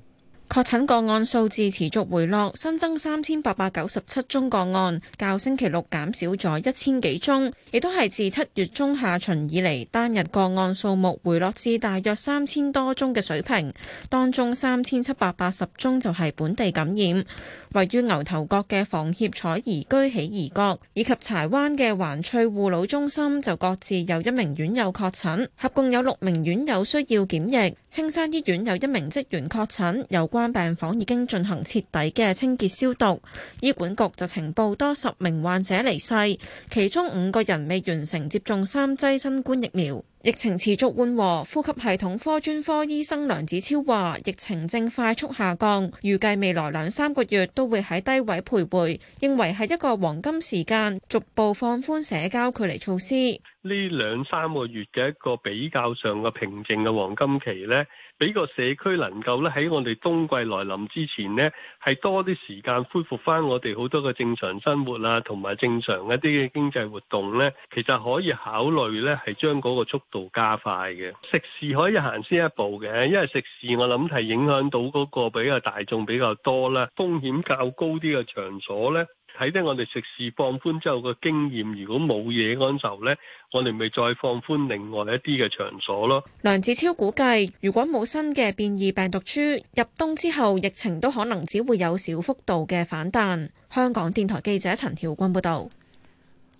確診個案數字持續回落，新增三千八百九十七宗個案，較星期六減少咗一千幾宗，亦都係自七月中下旬以嚟，單日個案數目回落至大約三千多宗嘅水平。當中三千七百八十宗就係本地感染。位於牛頭角嘅房協彩怡居喜怡閣以及柴灣嘅環翠護老中心就各自有一名院友確診，合共有六名院友需要檢疫。青山醫院有一名職員確診，有關病房已經進行徹底嘅清潔消毒。醫管局就呈報多十名患者離世，其中五個人未完成接種三劑新冠疫苗。疫情持續緩和，呼吸系統科專科醫生梁子超話：疫情正快速下降，預計未來兩三個月都會喺低位徘徊，認為係一個黃金時間，逐步放寬社交距離措施。呢兩三個月嘅一個比較上嘅平靜嘅黃金期呢。俾個社區能夠咧喺我哋冬季來臨之前呢，係多啲時間恢復翻我哋好多嘅正常生活啊，同埋正常一啲嘅經濟活動呢，其實可以考慮呢係將嗰個速度加快嘅。食肆可以行先一步嘅，因為食肆我諗係影響到嗰個比較大眾比較多啦，風險較高啲嘅場所呢。睇低我哋食肆放寬之後嘅經驗，如果冇嘢感受咧，我哋咪再放寬另外一啲嘅場所咯。梁子超估計，如果冇新嘅變異病毒株，入冬之後疫情都可能只會有小幅度嘅反彈。香港電台記者陳曉君報道。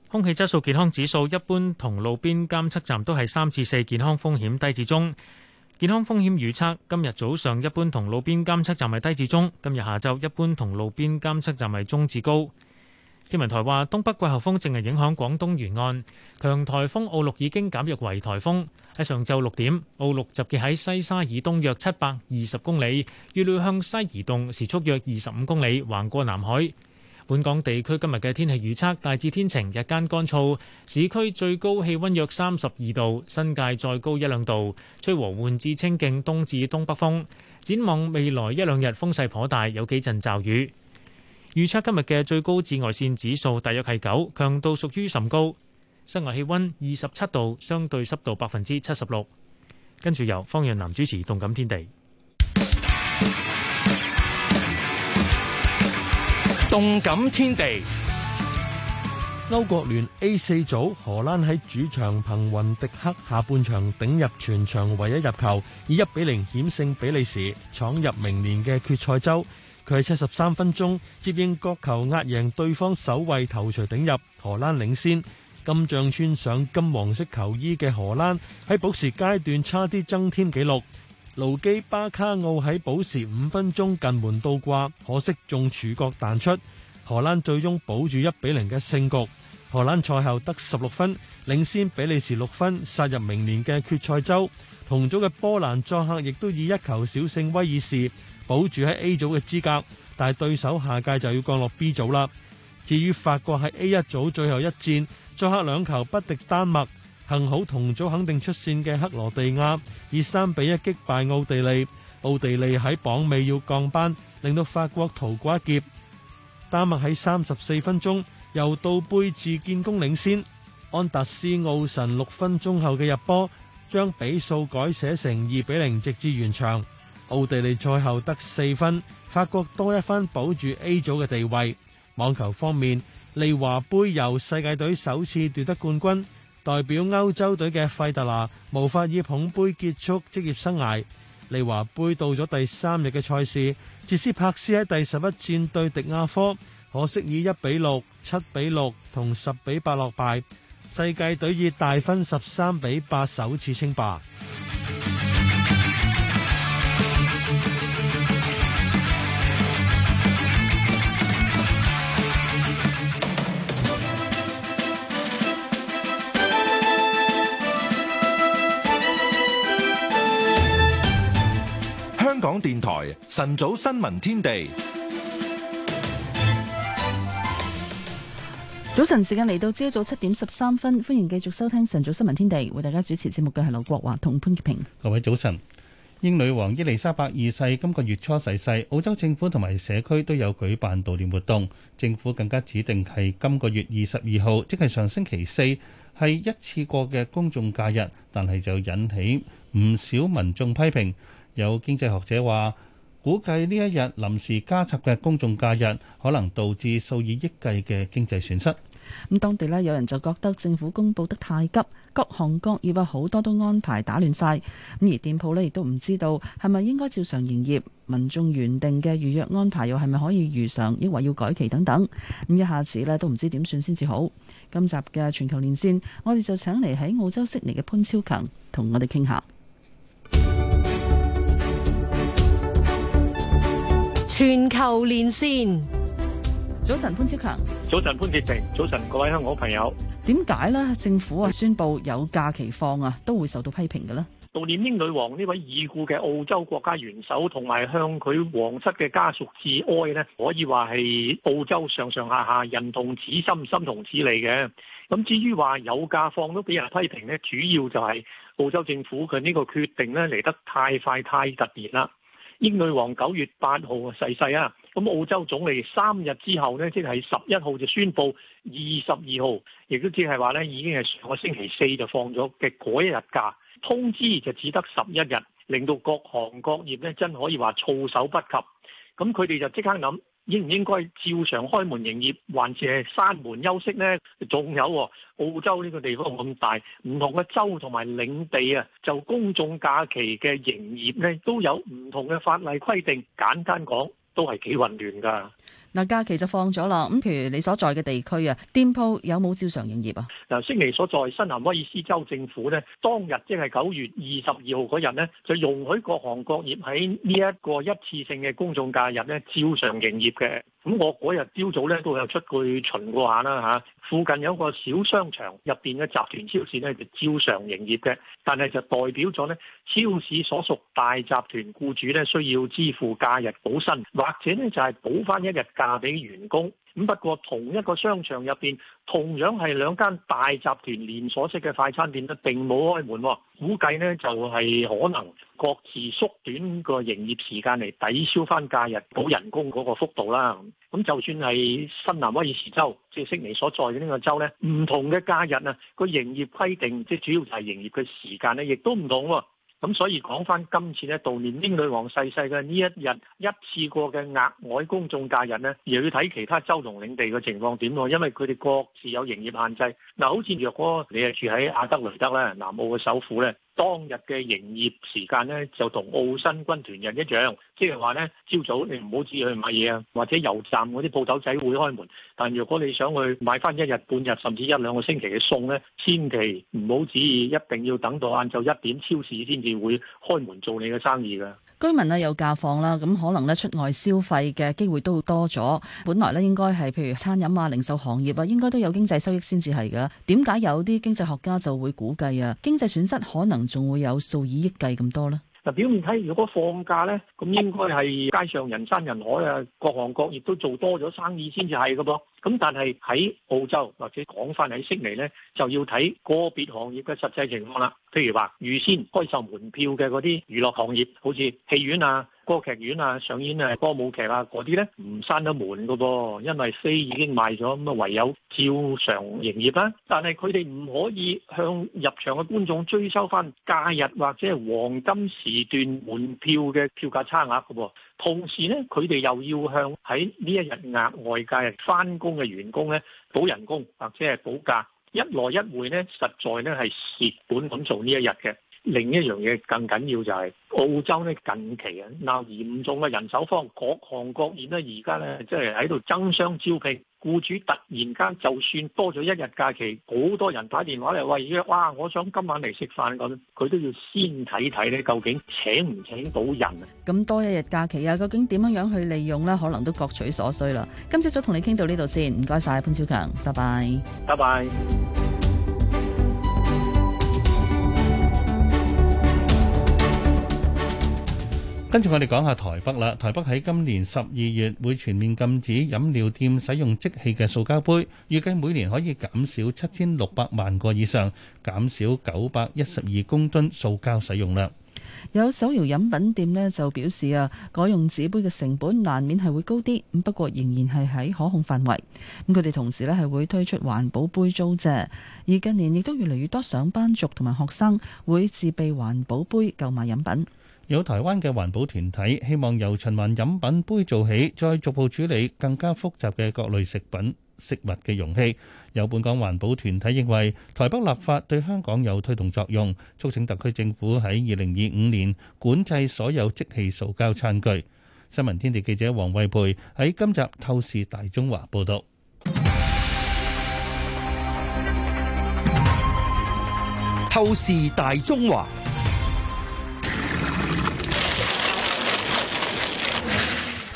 空氣質素健康指數一般同路邊監測站都係三至四，健康風險低至中。健康風險預測，今日早上一般同路邊監測站係低至中，今日下晝一般同路邊監測站係中至高。天文台話，東北季候風正係影響廣東沿岸，強颱風奧鹿已經減弱為颱風。喺上晝六點，奧鹿集結喺西沙以東約七百二十公里，預料向西移動，時速約二十五公里，橫過南海。本港地區今日嘅天氣預測大致天晴，日間乾燥，市區最高氣温約三十二度，新界再高一兩度，吹和緩至清勁東至東北風。展望未來一兩日風勢頗大，有幾陣驟雨。預測今日嘅最高紫外線指數大約係九，強度屬於甚高。室外氣溫二十七度，相對濕度百分之七十六。跟住由方潤南主持《動感天地》。《動感天地》歐國聯 A 四組，荷蘭喺主場憑雲迪克下半場頂入全場唯一入球，以一比零險勝比利時，闖入明年嘅決賽周。佢七十三分鐘接應角球壓贏對方守衞頭槌頂入，荷蘭領先。今仗穿上金黃色球衣嘅荷蘭喺補時階段差啲增添紀錄。盧基巴卡奧喺補時五分鐘近門倒掛，可惜中處角彈出。荷蘭最終保住一比零嘅勝局。荷蘭賽後得十六分，領先比利時六分，殺入明年嘅決賽周。同組嘅波蘭作客亦都以一球小勝威爾士，保住喺 A 組嘅資格，但係對手下屆就要降落 B 組啦。至於法國喺 A 一組最後一戰，作客兩球不敵丹麥，幸好同組肯定出線嘅克羅地亞以三比一擊敗奧地利，奧地利喺榜尾要降班，令到法國逃過一劫。丹麥喺三十四分鐘又到背至建功領先，安達斯奧神六分鐘後嘅入波。將比數改寫成二比零，直至完場。奧地利賽後得四分，法國多一分保住 A 組嘅地位。網球方面，利華杯由世界隊首次奪得冠軍。代表歐洲隊嘅費達拿無法以捧杯結束職業生涯。利華杯到咗第三日嘅賽事，捷斯帕斯喺第十一戰對迪亞科，可惜以一比六、七比六同十比八落敗。世界隊以大分十三比八首次稱霸。香港電台晨早新聞天地。早晨時間嚟到朝早七點十三分，歡迎繼續收聽晨早新聞天地。為大家主持節目嘅係劉國華同潘潔平。各位早晨，英女王伊麗莎白二世今個月初逝世，澳洲政府同埋社區都有舉辦悼念活動。政府更加指定係今個月二十二號，即係上星期四，係一次過嘅公眾假日，但係就引起唔少民眾批評。有經濟學者話，估計呢一日臨時加插嘅公眾假日，可能導致數以億計嘅經濟損失。咁當地呢有人就覺得政府公佈得太急，各行各業啊好多都安排打亂晒。咁而店鋪呢，亦都唔知道係咪應該照常營業，民眾原定嘅預約安排又係咪可以如常，抑或要改期等等。咁一下子呢，都唔知點算先至好。今集嘅全球連線，我哋就請嚟喺澳洲悉尼嘅潘超強同我哋傾下全球連線。早晨，潘超強。早晨，潘哲平。早晨，各位香港朋友。點解咧？政府啊，宣布有假期放啊，都會受到批評嘅咧。悼念英女王呢位已故嘅澳洲國家元首，同埋向佢皇室嘅家屬致哀咧，可以話係澳洲上上下下人同此心，心同此理嘅。咁至於話有假放都俾人批評咧，主要就係澳洲政府佢呢個決定咧嚟得太快太突然啦。英女王九月八號逝世啊！咁澳洲總理三日之後呢，即係十一號就宣布，二十二號亦都即係話呢已經係上個星期四就放咗嘅嗰一日假，通知就只得十一日，令到各行各業呢真可以話措手不及，咁佢哋就即刻諗。應唔應該照常開門營業，還是係閂門休息呢？仲有澳洲呢個地方咁大，唔同嘅州同埋領地啊，就公眾假期嘅營業呢，都有唔同嘅法例規定。簡單講，都係幾混亂㗎。嗱，假期就放咗啦，咁譬如你所在嘅地區啊，店鋪有冇照常營業啊？嗱，悉尼所在新南威爾斯州政府咧，當日即係九月二十二號嗰日咧，就容許各行各業喺呢一個一次性嘅公眾假日咧，照常營業嘅。咁我嗰日朝早咧都有出去巡過下啦嚇，附近有個小商場入邊嘅集團超市咧就照常營業嘅，但係就代表咗咧，超市所屬大集團僱主咧需要支付假日補薪，或者咧就係補翻一日假俾員工。咁不過同一個商場入邊，同樣係兩間大集團連鎖式嘅快餐店都並冇開門。估計呢就係、是、可能各自縮短個營業時間嚟抵消翻假日補人工嗰個幅度啦。咁就算係新南威爾士州，即悉尼所在嘅呢個州呢，唔同嘅假日啊個營業規定，即主要就係營業嘅時間呢，亦都唔同。咁所以講翻今次咧，悼念英女王逝世嘅呢一日，一次過嘅額外公眾假日咧，又要睇其他州同領地嘅情況點咯，因為佢哋各自有營業限制。嗱、啊，好似若果你係住喺阿德雷德咧，南澳嘅首府咧。當日嘅營業時間咧，就同澳新軍團日一樣，即係話咧，朝早你唔好指意去買嘢啊，或者油站嗰啲鋪頭仔會開門，但如果你想去買翻一日半日甚至一兩個星期嘅餸咧，千祈唔好指意，一定要等到晏晝一點，超市先至會開門做你嘅生意㗎。居民咧有假放啦，咁可能咧出外消費嘅機會都會多咗。本來咧應該係譬如餐飲啊、零售行業啊，應該都有經濟收益先至係噶。點解有啲經濟學家就會估計啊，經濟損失可能仲會有數以億計咁多呢？嗱，表面睇如果放假呢，咁應該係街上人山人海啊，各行各業都做多咗生意先至係噶噃。咁但係喺澳洲或者講翻喺悉尼呢，就要睇個別行業嘅實際情況啦。譬如話，預先開售門票嘅嗰啲娛樂行業，好似戲院啊。歌劇院啊，上演啊歌舞劇啊嗰啲咧，唔閂得門嘅噃，因為飛已經賣咗，咁啊唯有照常營業啦，啊。但係佢哋唔可以向入場嘅觀眾追收翻假日或者係黃金時段門票嘅票價差額嘅喎。同時咧，佢哋又要向喺呢一日額外假日翻工嘅員工咧補人工或者係補價，一來一回咧實在咧係蝕本咁做呢一日嘅。另一樣嘢更緊要，就係澳洲咧近期啊鬧嚴重嘅人手荒，各行各業咧而家咧即係喺度爭相招聘，僱主突然間就算多咗一日假期，好多人打電話嚟話，約哇，我想今晚嚟食飯咁，佢都要先睇睇你究竟請唔請到人。咁多一日假期啊，究竟點樣樣去利用咧？可能都各取所需啦。今朝早同你傾到呢度先，唔該晒潘小強，拜拜，拜拜。跟住我哋講下台北啦。台北喺今年十二月會全面禁止飲料店使用即棄嘅塑膠杯，預計每年可以減少七千六百萬個以上，減少九百一十二公噸塑膠使用量。有手搖飲品店呢就表示啊，改用紙杯嘅成本難免係會高啲，咁不過仍然係喺可控範圍。咁佢哋同時呢係會推出環保杯租借，而近年亦都越嚟越多上班族同埋學生會自備環保杯購買飲品。有台灣嘅環保團體希望由循環飲品杯做起，再逐步處理更加複雜嘅各類食品食物嘅容器。有本港環保團體認為，台北立法對香港有推動作用，促請特區政府喺二零二五年管制所有即棄塑膠餐具。新聞天地記者黃慧培喺今集透視大中華報道。透視大中華。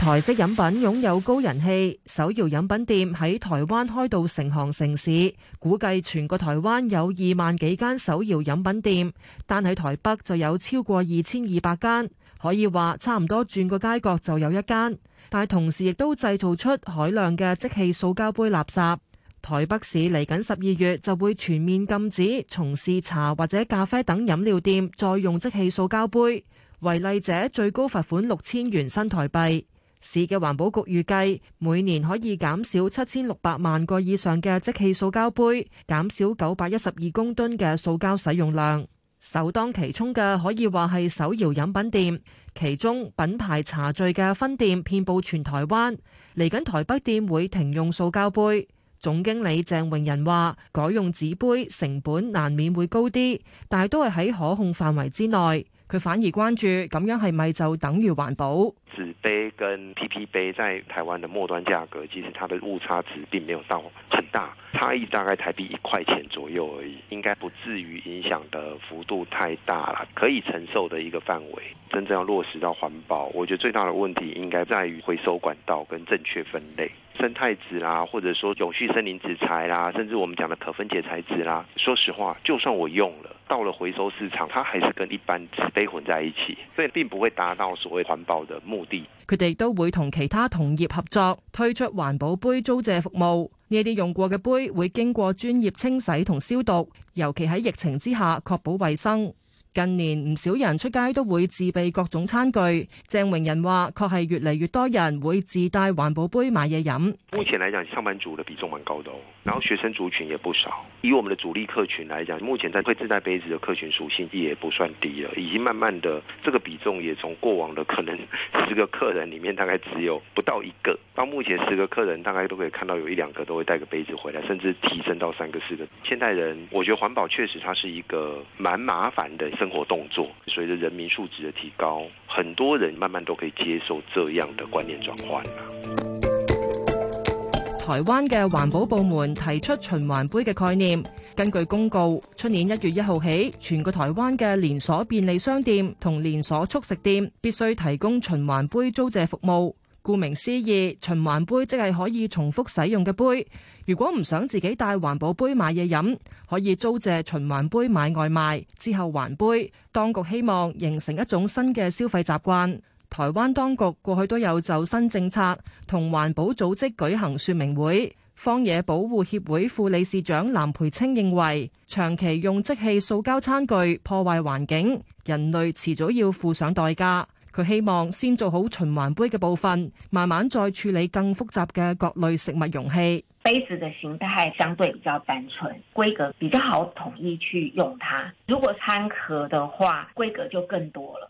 台式飲品擁有高人氣，手搖飲品店喺台灣開到成行成市，估計全個台灣有二萬幾間手搖飲品店，單喺台北就有超過二千二百間，可以話差唔多轉個街角就有一間。但係同時亦都製造出海量嘅即棄塑膠杯垃圾。台北市嚟緊十二月就會全面禁止從事茶或者咖啡等飲料店再用即棄塑膠杯，違例者最高罰款六千元新台幣。市嘅環保局預計每年可以減少七千六百萬個以上嘅即棄塑膠杯，減少九百一十二公噸嘅塑膠使用量。首當其衝嘅可以話係手搖飲品店，其中品牌茶聚嘅分店遍布全台灣，嚟緊台北店會停用塑膠杯。總經理鄭榮仁話：改用紙杯成本難免會高啲，但係都係喺可控範圍之內。佢反而關注咁樣係咪就等於環保？紙杯跟 PP 杯在台灣的末端價格，其實它的誤差值並沒有到很大，差異大概台幣一塊錢左右而已，應該不至於影響的幅度太大啦，可以承受的一個範圍。真正要落實到環保，我覺得最大的問題應該在於回收管道跟正確分類。生態紙啦，或者說永續森林紙材啦，甚至我們講的可分解材質啦。說實話，就算我用了，到了回收市場，它還是跟一般紙杯混在一起，所以並不會達到所謂環保的目的。佢哋都會同其他同業合作推出環保杯租借服務，呢啲用過嘅杯會經過專業清洗同消毒，尤其喺疫情之下，確保衛生。近年唔少人出街都會自備各種餐具，鄭榮仁話確係越嚟越多人會自帶環保杯買嘢飲。目前嚟講，上班族的比重蠻高嘅，哦，然後學生族群也不少。以我們的主力客群嚟講，目前在會自帶杯子嘅客群屬性也不算低啦，已經慢慢的，這個比重也從過往的可能十個客人裏面大概只有不到一個。到目前十個客人大概都可以看到有一兩個都會帶個杯子回來，甚至提升到三個四個。現代人，我覺得環保確實，它是一個蠻麻煩的。生活動作，隨著人民素質嘅提高，很多人慢慢都可以接受這樣的觀念轉換。台灣嘅環保部門提出循環杯嘅概念。根據公告，出年一月一號起，全個台灣嘅連鎖便利商店同連鎖速食店必須提供循環杯租借服務。顧名思義，循環杯即係可以重複使用嘅杯。如果唔想自己帶環保杯買嘢飲，可以租借循環杯買外賣，之後還杯。當局希望形成一種新嘅消費習慣。台灣當局過去都有就新政策同環保組織舉行說明會。荒野保護協會副理事長藍培青認為，長期用即棄塑膠餐具破壞環境，人類遲早要付上代價。佢希望先做好循環杯嘅部分，慢慢再處理更複雜嘅各類食物容器。杯子嘅形態相對比較單純，規格比較好統一去用它。如果餐盒的話，規格就更多了。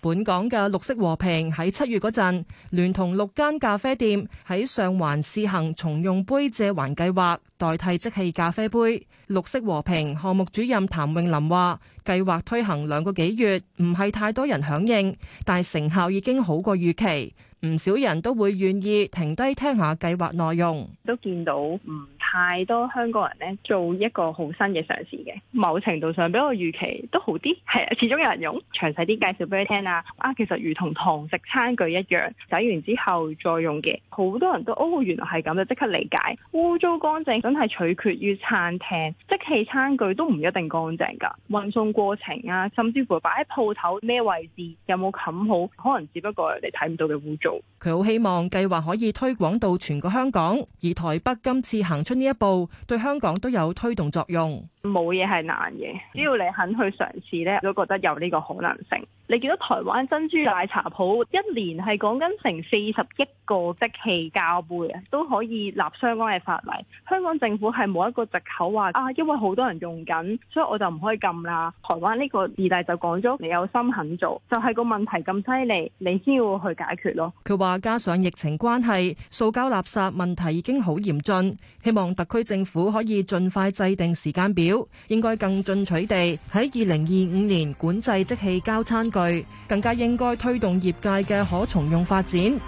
本港嘅綠色和平喺七月嗰陣，聯同六間咖啡店喺上環試行重用杯借還計劃，代替即棄咖啡杯。綠色和平項目主任譚詠琳話：計劃推行兩個幾月，唔係太多人響應，但成效已經好過預期。唔少人都會願意停低聽下計劃內容，都見到唔太多香港人咧做一個好新嘅嘗試嘅。某程度上，俾我預期都好啲，係啊，始終有人用。詳細啲介紹俾你聽啊！啊，其實如同堂食餐具一樣，洗完之後再用嘅，好多人都哦，原來係咁，就即刻理解污糟乾淨真係取決於餐廳。即棄餐具都唔一定乾淨噶，運送過程啊，甚至乎擺喺鋪頭咩位置，有冇冚好，可能只不過你睇唔到嘅污糟。佢好希望計劃可以推廣到全個香港，而台北今次行出呢一步，對香港都有推動作用。冇嘢係難嘅，只要你肯去嘗試咧，我都覺得有呢個可能性。你見到台灣珍珠奶茶鋪一年係講緊成四十億個即棄膠杯啊，都可以立相關嘅法例。香港政府係冇一個籍口話啊，因為好多人用緊，所以我就唔可以禁啦。台灣呢個議題就講咗，你有心肯做，就係、是、個問題咁犀利，你先要去解決咯。佢話加上疫情關係塑膠垃圾問題已經好嚴峻，希望特區政府可以盡快制定時間表，應該更進取地喺二零二五年管制即棄膠餐具。更加應該推動業界嘅可重用發展。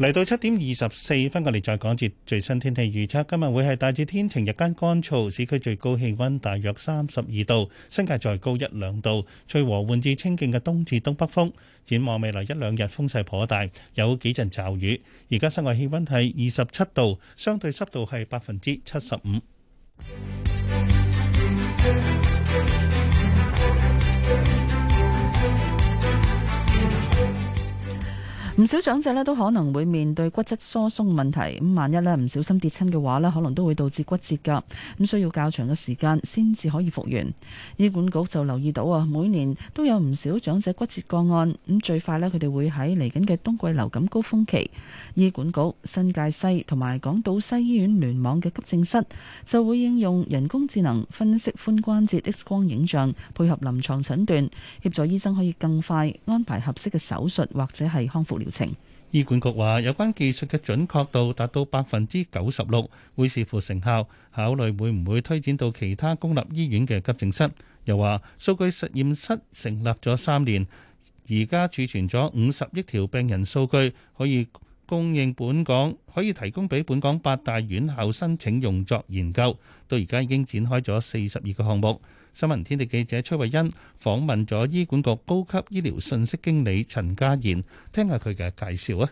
嚟到七點二十四分，我哋再講節最新天氣預測。今日會係大致天晴，日間乾燥，市區最高氣溫大約三十二度，新界再高一兩度。吹和緩至清勁嘅東至東北風，展望未來一兩日風勢頗大，有幾陣驟雨。而家室外氣溫係二十七度，相對濕度係百分之七十五。 *noise* 唔少長者咧都可能會面對骨質疏鬆問題，咁萬一咧唔小心跌親嘅話咧，可能都會導致骨折㗎，咁需要較長嘅時間先至可以復原。醫管局就留意到啊，每年都有唔少長者骨折個案，咁最快咧佢哋會喺嚟緊嘅冬季流感高峰期，醫管局新界西同埋港島西醫院聯網嘅急症室就會應用人工智能分析髖關節 X 光影像，配合臨床診斷，協助醫生可以更快安排合適嘅手術或者係康復療程。醫管局話，有關技術嘅準確度達到百分之九十六，會視乎成效，考慮會唔會推展到其他公立醫院嘅急症室。又話數據實驗室成立咗三年，而家儲存咗五十億條病人數據，可以供應本港，可以提供俾本港八大院校申請用作研究。到而家已經展開咗四十二個項目。新聞天地記者崔慧欣訪問咗醫管局高級醫療信息經理陳家賢，聽下佢嘅介紹啊。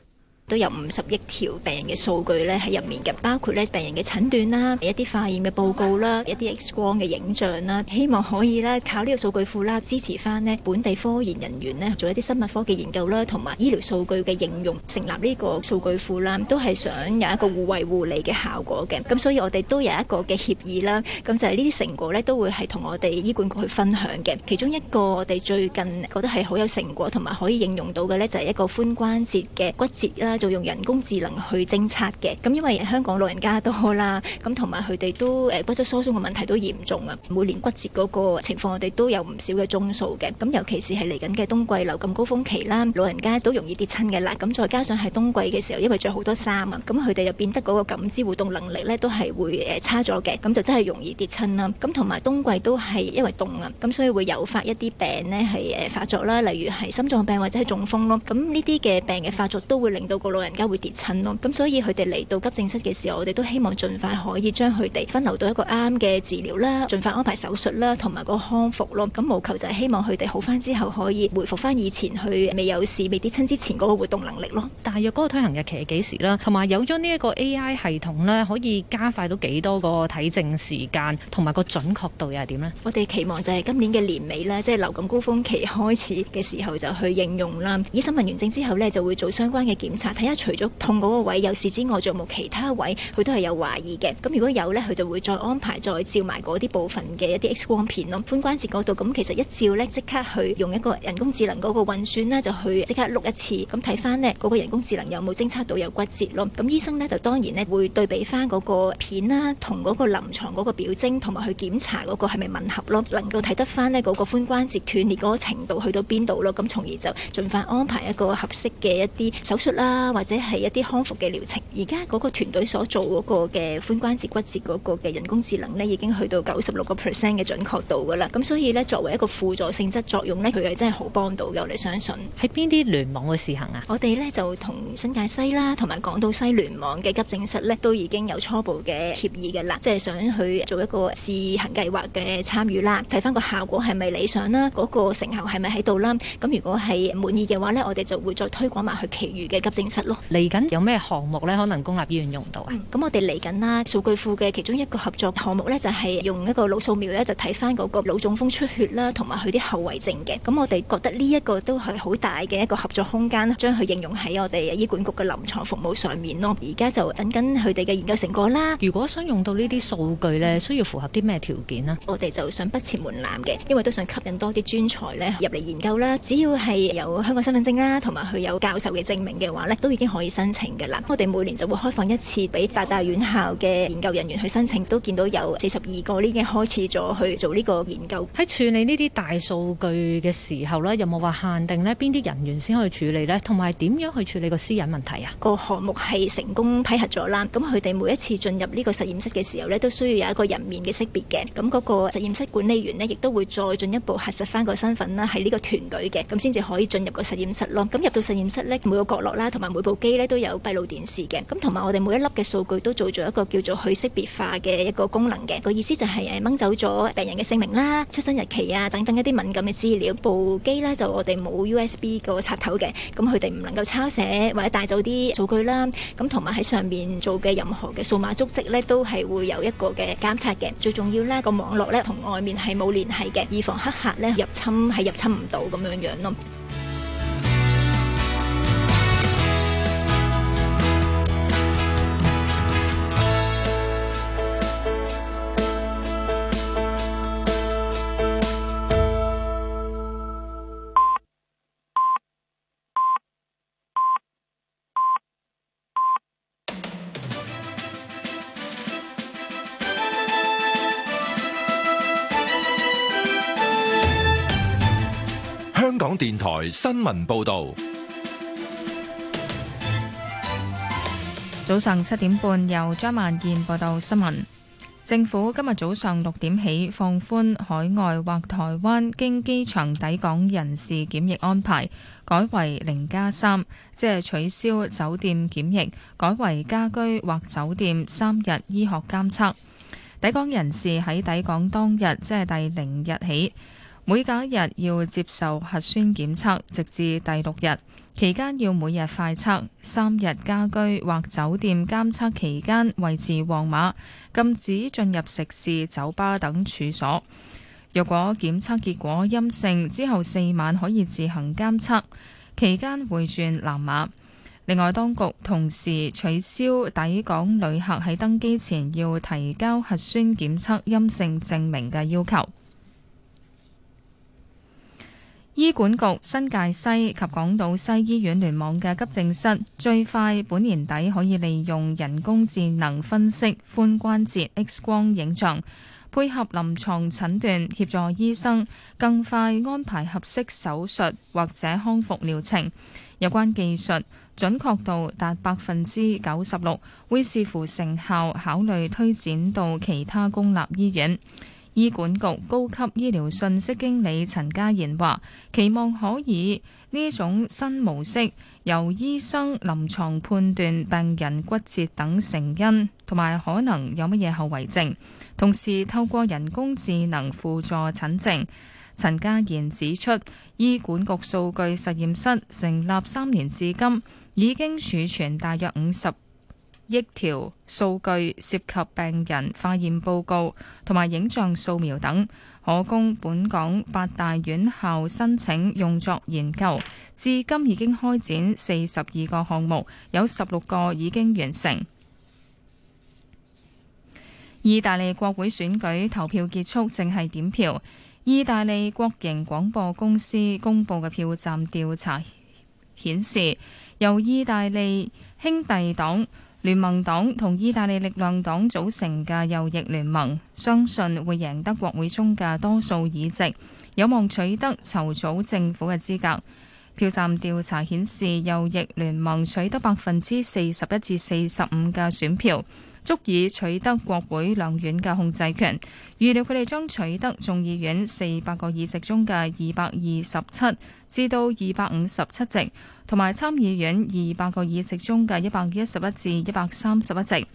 都有五十億條病人嘅數據咧喺入面嘅，包括咧病人嘅診斷啦，一啲化驗嘅報告啦，一啲 X 光嘅影像啦，希望可以咧靠呢個數據庫啦支持翻咧本地科研人員咧做一啲生物科技研究啦，同埋醫療數據嘅應用，成立呢個數據庫啦，都係想有一個互惠互利嘅效果嘅。咁所以我哋都有一個嘅協議啦，咁就係呢啲成果咧都會係同我哋醫管局去分享嘅。其中一個我哋最近覺得係好有成果同埋可以應用到嘅咧，就係一個髖關節嘅骨折啦。就用人工智能去偵測嘅，咁因為香港老人家多啦，咁同埋佢哋都誒骨質疏鬆嘅問題都嚴重啊，每年骨折嗰個情況我哋都有唔少嘅宗數嘅，咁尤其是係嚟緊嘅冬季流感高峰期啦，老人家都容易跌親嘅啦，咁再加上係冬季嘅時候，因為着好多衫啊，咁佢哋就變得嗰個感知活動能力咧都係會誒差咗嘅，咁就真係容易跌親啦。咁同埋冬季都係因為凍啊，咁所以會誘發一啲病咧係誒發作啦，例如係心臟病或者係中風咯，咁呢啲嘅病嘅發作都會令到老人家會跌親咯，咁所以佢哋嚟到急症室嘅時候，我哋都希望盡快可以將佢哋分流到一個啱嘅治療啦，盡快安排手術啦，同埋個康復咯。咁務求就係希望佢哋好翻之後，可以回復翻以前去未有事、未跌親之前嗰個活動能力咯。大約嗰個推行日期係幾時啦？同埋有咗呢一個 AI 系統咧，可以加快到幾多個睇症時間，同埋個準確度又係點呢？我哋期望就係今年嘅年尾咧，即係流感高峰期開始嘅時候就去應用啦。醫生問完症之後咧，就會做相關嘅檢查。睇下除咗痛嗰個位有事之外，仲有冇其他位佢都係有懷疑嘅。咁如果有咧，佢就會再安排再照埋嗰啲部分嘅一啲 X 光片咯。髖關節嗰度，咁其實一照咧，即刻去用一個人工智能嗰個運算啦，就去即刻 look 一次，咁睇翻咧嗰個人工智能有冇偵測到有骨折咯。咁醫生咧就當然咧會對比翻嗰個片啦，同嗰個臨牀嗰個表徵，同埋去檢查嗰個係咪吻合咯，能夠睇得翻咧嗰個髖關節斷裂嗰個程度去到邊度咯。咁從而就盡快安排一個合適嘅一啲手術啦。或者係一啲康復嘅療程，而家嗰個團隊所做嗰個嘅髖關節骨折嗰個嘅人工智能咧，已經去到九十六個 percent 嘅準確度噶啦。咁所以咧，作為一個輔助性質作用咧，佢係真係好幫到嘅。我哋相信喺邊啲聯網嘅試行啊？我哋咧就同新界西啦，同埋港島西聯網嘅急症室咧，都已經有初步嘅協議噶啦，即係想去做一個試行計劃嘅參與啦。睇翻個效果係咪理想啦？嗰個成效係咪喺度啦？咁如果係滿意嘅話咧，我哋就會再推廣埋去其餘嘅急症實咯，嚟緊有咩項目咧？可能公立醫院用到啊？咁、嗯、我哋嚟緊啦，數據庫嘅其中一個合作項目咧，就係、是、用一個腦掃描咧，就睇翻嗰個腦中風出血啦，同埋佢啲後遺症嘅。咁我哋覺得呢一個都係好大嘅一個合作空間，將佢應用喺我哋醫管局嘅臨床服務上面咯。而家就等緊佢哋嘅研究成果啦。如果想用到數呢啲數據咧，需要符合啲咩條件呢？我哋就想不設門檻嘅，因為都想吸引多啲專才咧入嚟研究啦。只要係有香港身份證啦，同埋佢有教授嘅證明嘅話咧。都已經可以申請嘅啦。我哋每年就會開放一次俾八大院校嘅研究人員去申請，都見到有四十二個已經開始咗去做呢個研究。喺處理呢啲大數據嘅時候咧，有冇話限定咧邊啲人員先可以處理咧？同埋點樣去處理個私隱問題啊？個項目係成功批核咗啦。咁佢哋每一次進入呢個實驗室嘅時候咧，都需要有一個人面嘅識別嘅。咁嗰個實驗室管理員咧，亦都會再進一步核實翻個身份啦，係呢個團隊嘅，咁先至可以進入個實驗室咯。咁入到實驗室咧，每個角落啦，同埋每部機咧都有閉路電視嘅，咁同埋我哋每一粒嘅數據都做咗一個叫做去識別化嘅一個功能嘅，個意思就係誒掹走咗病人嘅姓名啦、出生日期啊等等一啲敏感嘅資料。部機咧就我哋冇 USB 個插頭嘅，咁佢哋唔能夠抄寫或者帶走啲數據啦。咁同埋喺上面做嘅任何嘅數碼足跡咧，都係會有一個嘅監測嘅。最重要咧，個網絡咧同外面係冇聯繫嘅，以防黑客咧入侵係入侵唔到咁樣樣咯。台新聞報道，早上七點半，由張萬燕報道新聞。政府今日早上六點起放寬海外或台灣經機場抵港人士檢疫安排，改為零加三，3，即係取消酒店檢疫，改為家居或酒店三日醫學監測。抵港人士喺抵港當日，即係第零日起，每隔一日要接受核酸檢測，直至第六日。期間要每日快測，三日家居或酒店監測期間維持黃碼，禁止進入食肆、酒吧等處所。若果檢測結果陰性，之後四晚可以自行監測，期間會轉藍碼。另外，當局同時取消抵港旅客喺登機前要提交核酸檢測陰性證明嘅要求。醫管局新界西及港島西醫院聯網嘅急症室，最快本年底可以利用人工智能分析髖關節 X 光影像，配合臨牀診斷協助醫生，更快安排合適手術或者康復療程。有關技術準確度達百分之九十六，會視乎成效考慮推展到其他公立醫院。醫管局高級醫療信息經理陳家賢話：期望可以呢種新模式，由醫生臨床判斷病人骨折等成因，同埋可能有乜嘢後遺症，同時透過人工智能輔助診症。陳家賢指出，醫管局數據實驗室成立三年至今，已經儲存大約五十。億條數據涉及病人化驗報告同埋影像掃描等，可供本港八大院校申請用作研究。至今已經開展四十二個項目，有十六個已經完成。意大利國會選舉投票結束，正系點票。意大利國營廣播公司公布嘅票站調查顯示，由意大利兄弟黨。聯盟黨同意大利力量黨組成嘅右翼聯盟，相信會贏得國會中嘅多數議席，有望取得籌組政府嘅資格。票站調查顯示，右翼聯盟取得百分之四十一至四十五嘅選票。足以取得國會兩院嘅控制權，預料佢哋將取得眾議院四百個議席中嘅二百二十七至到二百五十七席，同埋參議院二百個議席中嘅一百一十一至一百三十一席。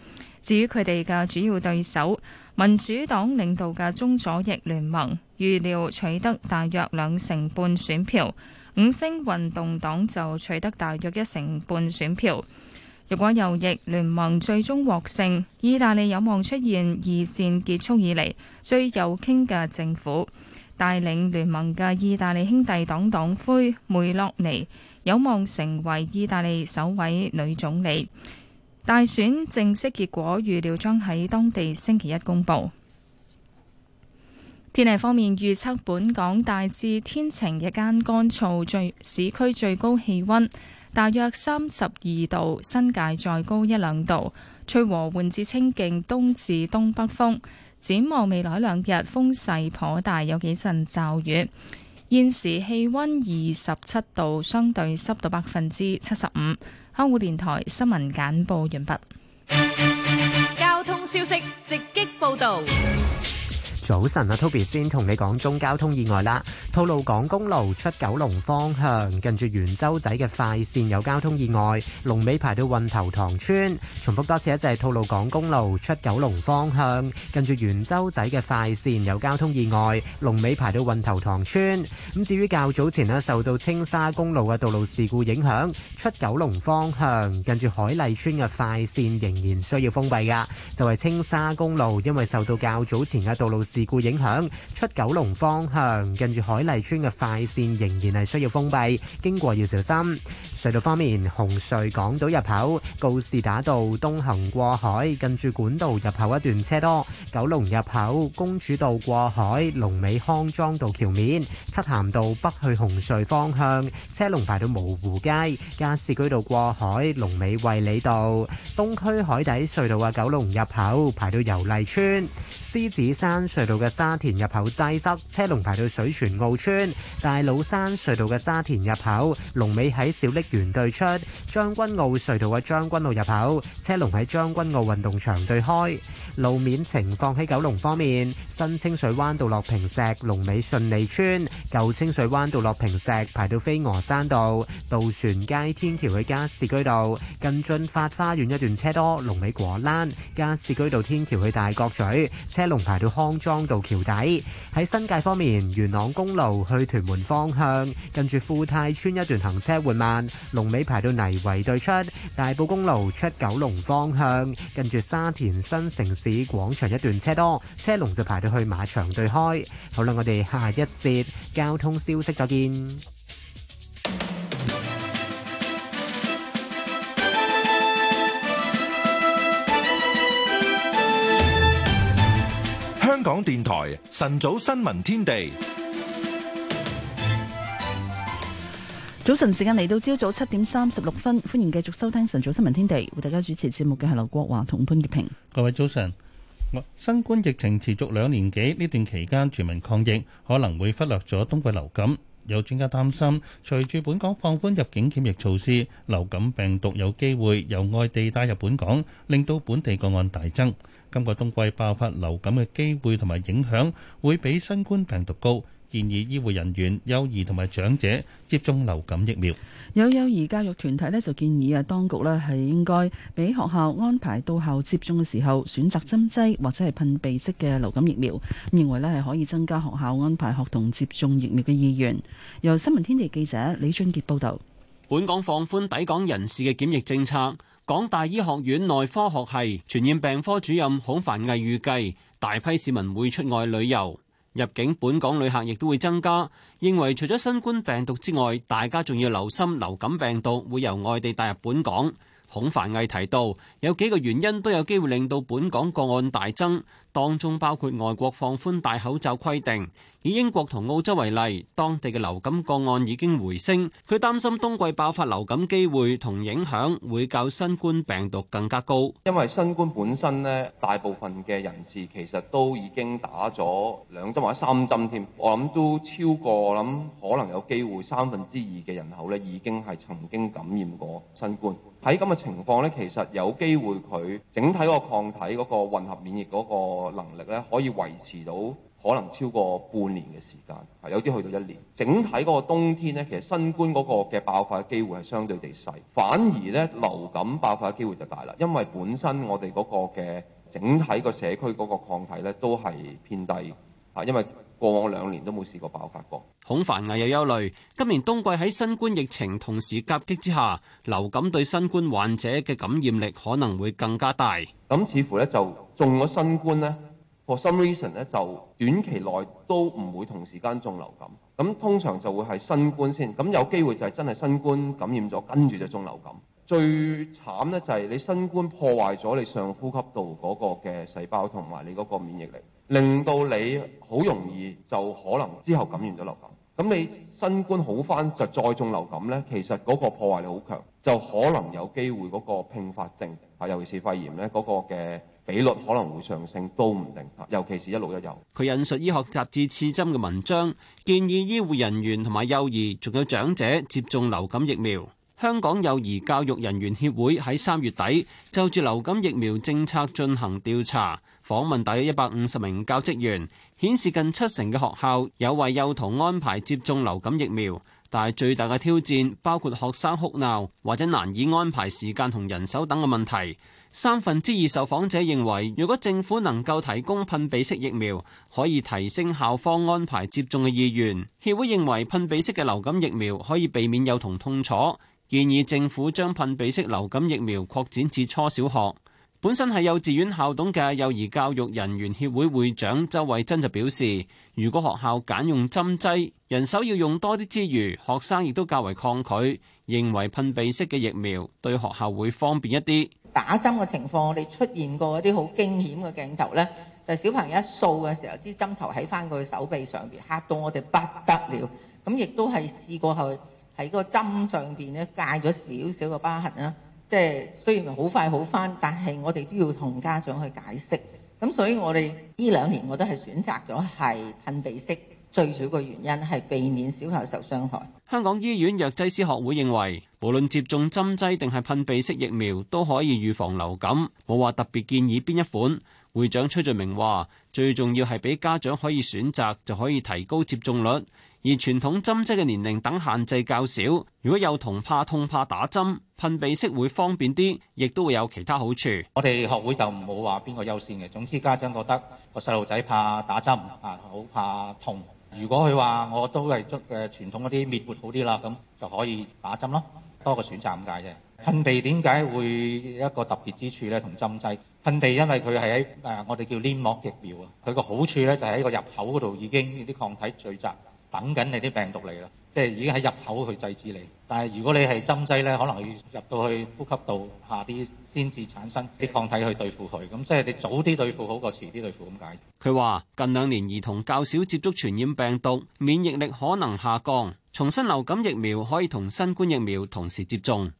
至於佢哋嘅主要對手民主黨領導嘅中左翼聯盟，預料取得大約兩成半選票，五星運動黨就取得大約一成半選票。如果右翼聯盟最終獲勝，意大利有望出現二戰結束以嚟最右傾嘅政府。帶領聯盟嘅意大利兄弟黨黨魁梅洛尼有望成為意大利首位女總理。大選正式結果預料將喺當地星期一公佈。天氣方面，預測本港大致天晴，日間乾燥最，最市區最高氣温大約三十二度，新界再高一兩度，吹和緩至清勁東至東北風。展望未來兩日，風勢頗大，有幾陣驟雨。現時氣温二十七度，相對濕度百分之七十五。香港電台新聞簡報完畢。交通消息直擊報道。早晨啊，Toby 先同你講中交通意外啦。吐露港公路出九龍方向，近住元洲仔嘅快線有交通意外，龍尾排到運頭塘村。重複多次，一隻係吐露港公路出九龍方向，近住元洲仔嘅快線有交通意外，龍尾排到運頭塘村。咁至於較早前咧，受到青沙公路嘅道路事故影響，出九龍方向，近住海麗村嘅快線仍然需要封閉噶，就係青沙公路，因為受到較早前嘅道路。事故影響，出九龍方向，近住海麗村嘅快線仍然係需要封閉，經過要小心。隧道方面，紅隧港島入口，告士打道東行過海，近住管道入口一段車多。九龍入口，公主道過海，龍尾康莊道橋面，漆鹹道北去紅隧方向，車龍排到蕪湖街；加士居道過海，龍尾衛理道。東區海底隧道嘅九龍入口，排到油麗村、獅子山隧道 *noise* 隧道嘅沙田入口擠塞，車龍排到水泉澳村。大老山隧道嘅沙田入口，龍尾喺小瀝源對出；將軍澳隧道嘅將軍澳入口，車龍喺將軍澳運動場對開。路面情況喺九龍方面，新清水灣道落坪石龍尾順利村，舊清水灣道落坪石排到飛鵝山道；渡船街天橋去加士居道，近駿發花園一段車多，龍尾果欄；加士居道天橋去大角咀，車龍排到康莊。江道橋底，喺新界方面，元朗公路去屯門方向，近住富泰村一段行車緩慢；龍尾排到泥圍對出，大埔公路出九龍方向，近住沙田新城市廣場一段車多，車龍就排到去馬場對開。好啦，我哋下一節交通消息再見。香港電台晨早新聞天地，早晨時間嚟到朝早七點三十六分，歡迎繼續收聽晨早新聞天地，為大家主持節目嘅係劉國華同潘潔平。各位早晨，新冠疫情持續兩年幾呢段期間，全民抗疫可能會忽略咗冬季流感，有專家擔心，隨住本港放寬入境檢疫措施，流感病毒有機會由外地帶入本港，令到本地個案大增。今個冬季爆發流感嘅機會同埋影響會比新冠病毒高，建議醫護人員、幼兒同埋長者接種流感疫苗。有幼兒教育團體呢，就建議啊，當局呢，係應該俾學校安排到校接種嘅時候，選擇針劑或者係噴鼻式嘅流感疫苗，認為呢，係可以增加學校安排學童接種疫苗嘅意願。由新聞天地記者李俊傑報道。本港放寬抵港人士嘅檢疫政策。港大醫學院內科學系傳染病科主任孔繁毅預計，大批市民會出外旅遊，入境本港旅客亦都會增加。認為除咗新冠病毒之外，大家仲要留心流感病毒會由外地帶入本港。孔繁毅提到，有幾個原因都有機會令到本港個案大增，當中包括外國放寬戴口罩規定。以英國同澳洲為例，當地嘅流感個案已經回升。佢擔心冬季爆發流感機會同影響會較新冠病毒更加高。因為新冠本身呢，大部分嘅人士其實都已經打咗兩針或者三針添，我諗都超過，我諗可能有機會三分之二嘅人口呢已經係曾經感染過新冠。喺咁嘅情況呢，其實有機會佢整體個抗體嗰個混合免疫嗰個能力呢，可以維持到。可能超過半年嘅時間，係有啲去到一年。整體嗰個冬天呢，其實新冠嗰個嘅爆發機會係相對地細，反而呢流感爆發嘅機會就大啦。因為本身我哋嗰個嘅整體個社區嗰個抗體呢都係偏低，啊，因為過往兩年都冇試過爆發過。孔繁毅、啊、有憂慮，今年冬季喺新冠疫情同時夾擊之下，流感對新冠患者嘅感染力可能會更加大。咁似乎呢，就中咗新冠呢。For some reason 咧，就短期內都唔會同時間中流感。咁通常就會係新冠先。咁有機會就係真係新冠感染咗，跟住就中流感。最慘咧就係你新冠破壞咗你上呼吸道嗰個嘅細胞同埋你嗰個免疫力，令到你好容易就可能之後感染咗流感。咁你新冠好返就再中流感咧，其實嗰個破壞力好強，就可能有機會嗰個併發症啊，尤其是肺炎咧嗰個嘅，比率可能會上升，都唔定，尤其是一老一幼。佢引述醫學雜誌刺針嘅文章，建議醫護人員同埋幼兒仲有長者接種流感疫苗。香港幼兒教育人員協會喺三月底就住流感疫苗政策進行調查，訪問大約一百五十名教職員顯示近七成嘅學校有為幼童安排接種流感疫苗。但係最大嘅挑戰包括學生哭鬧或者難以安排時間同人手等嘅問題。三分之二受訪者認為，如果政府能夠提供噴鼻式疫苗，可以提升校方安排接種嘅意願，協會認為噴鼻式嘅流感疫苗可以避免幼童痛，痛楚，建議政府將噴鼻式流感疫苗擴展至初小學。本身係幼稚園校董嘅幼兒教育人員協會，會會長周慧珍就表示，如果學校揀用針劑，人手要用多啲之餘，學生亦都較為抗拒，認為噴鼻式嘅疫苗對學校會方便一啲。打針嘅情況，我哋出現過一啲好驚險嘅鏡頭咧，就係、小朋友一掃嘅時候，支針頭喺翻佢手臂上邊，嚇到我哋不得了。咁亦都係試過去喺個針上邊咧，曬咗少少嘅疤痕啦。即係雖然好快好翻，但係我哋都要同家長去解釋。咁所以我哋呢兩年我都係選擇咗係噴鼻式。最主要嘅原因係避免小孩受傷害。香港醫院藥劑師學會認為，無論接種針劑定係噴鼻式疫苗都可以預防流感，冇話特別建議邊一款。會長崔俊明話最重要係俾家長可以選擇就可以提高接種率。而傳統針劑嘅年齡等限制較少，如果有同怕痛怕打針噴鼻式會方便啲，亦都會有其他好處，我哋學會就冇話邊個優先嘅，總之家長覺得個細路仔怕打針啊，好怕，怕痛。如果佢話我都係捉誒傳統嗰啲滅活好啲啦，咁就可以打針咯，多個選擇咁解啫。噴鼻點解會一個特別之處咧？同針劑噴鼻，因為佢係喺誒我哋叫黏膜疫苗啊，佢個好處咧就係喺個入口嗰度已經啲抗體聚集，等緊你啲病毒嚟啦。即係已經喺入口去制止你，但係如果你係針劑咧，可能要入到去呼吸道下啲先至產生啲抗體去對付佢，咁即係你早啲對付好過遲啲對付，咁解。佢話：近兩年兒童較少接觸傳染病毒，免疫力可能下降，重新流感疫苗可以同新冠疫苗同時接種。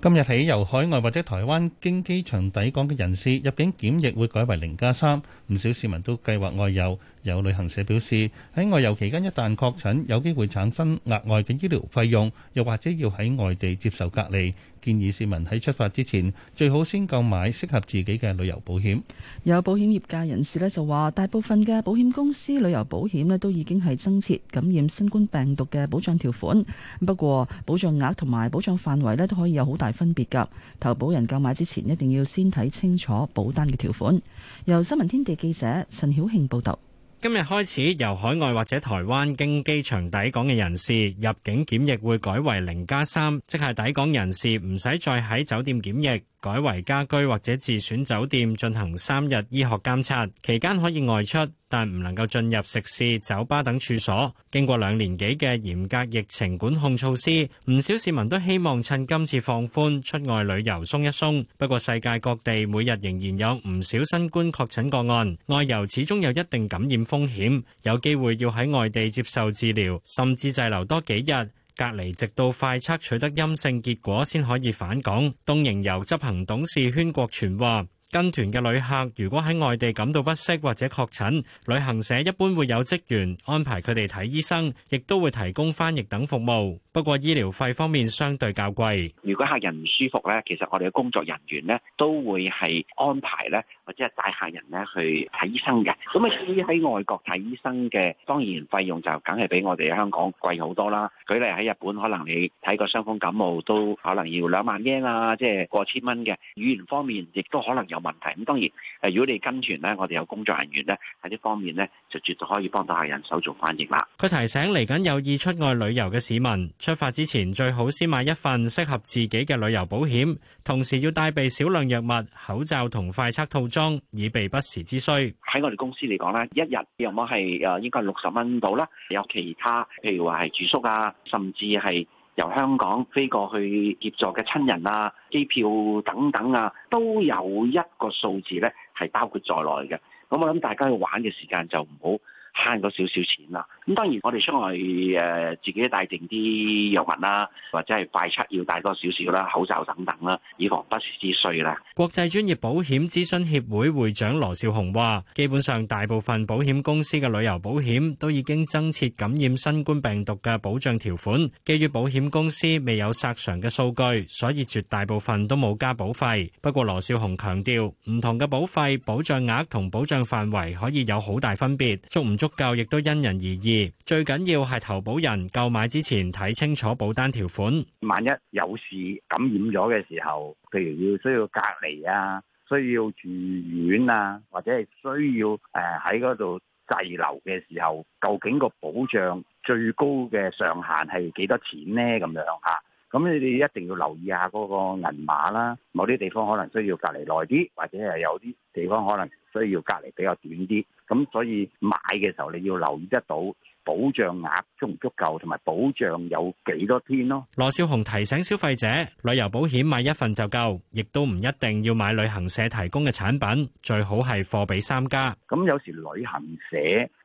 今日起，由海外或者台灣經機場抵港嘅人士入境檢疫會改為零加三。唔少市民都計劃外遊。有旅行社表示，喺外遊期間一旦確診，有機會產生額外嘅醫療費用，又或者要喺外地接受隔離，建議市民喺出發之前，最好先購買適合自己嘅旅遊保險。有保險業界人士咧就話，大部分嘅保險公司旅遊保險咧都已經係增設感染新冠病毒嘅保障條款，不過保障額同埋保障範圍咧都可以有好大分別噶。投保人購買之前，一定要先睇清楚保單嘅條款。由新聞天地記者陳曉慶報道。今日開始，由海外或者台灣經機場抵港嘅人士，入境檢疫會改為零加三，3，即係抵港人士唔使再喺酒店檢疫。改為家居或者自選酒店進行三日醫學監察，期間可以外出，但唔能夠進入食肆、酒吧等處所。經過兩年幾嘅嚴格疫情管控措施，唔少市民都希望趁今次放寬出外旅遊鬆一鬆。不過世界各地每日仍然有唔少新冠確診個案，外遊始終有一定感染風險，有機會要喺外地接受治療，甚至滯留多幾日。隔離直到快測取得陰性結果先可以返港。東瀛遊執行董事宣國全話：跟團嘅旅客如果喺外地感到不適或者確診，旅行社一般會有職員安排佢哋睇醫生，亦都會提供翻譯等服務。不過醫療費方面相對較貴。如果客人唔舒服咧，其實我哋嘅工作人員呢，都會係安排咧。或者係帶客人咧去睇醫生嘅，咁啊，至於喺外國睇醫生嘅，當然費用就梗係比我哋香港貴好多啦。舉例喺日本，可能你睇個傷風感冒都可能要兩萬 yen 啊，即係過千蚊嘅。語言方面亦都可能有問題。咁當然誒，如果你跟團咧，我哋有工作人員咧喺呢方面咧，就絕對可以幫到客人手做翻譯啦。佢提醒嚟緊有意出外旅遊嘅市民，出發之前最好先買一份適合自己嘅旅遊保險，同時要帶備少量藥物、口罩同快測套以備不時之需。喺我哋公司嚟講咧，一日有冇係誒應該六十蚊到啦。有其他譬如話係住宿啊，甚至係由香港飛過去協助嘅親人啊，機票等等啊，都有一個數字咧係包括在內嘅。咁我諗大家去玩嘅時間就唔好，慳多少少錢啦，咁當然我哋出外誒自己帶定啲藥物啦，或者係快測要帶多少少啦、口罩等等啦，以防不時之需啦。國際專業保險諮詢協會會長羅少雄話，基本上大部分保險公司嘅旅遊保險都已經增設感染新冠病毒嘅保障條款。基於保險公司未有索償嘅數據，所以絕大部分都冇加保費。不過羅少雄強調，唔同嘅保費、保障額同保障範圍可以有好大分別，足唔足夠亦都因人而異，最緊要係投保人購買之前睇清楚保單條款。萬一有事感染咗嘅時候，譬如要需要隔離啊，需要住院啊，或者係需要誒喺嗰度滯留嘅時候，究竟個保障最高嘅上限係幾多錢呢？咁樣吓，咁你哋一定要留意下嗰個銀碼啦。某啲地方可能需要隔離耐啲，或者係有啲地方可能。需要隔離比較短啲，咁所以買嘅時候你要留意得到保障額足唔足夠，同埋保障有幾多天咯。羅少雄提醒消費者，旅遊保險買一份就夠，亦都唔一定要買旅行社提供嘅產品，最好係貨比三家。咁有時旅行社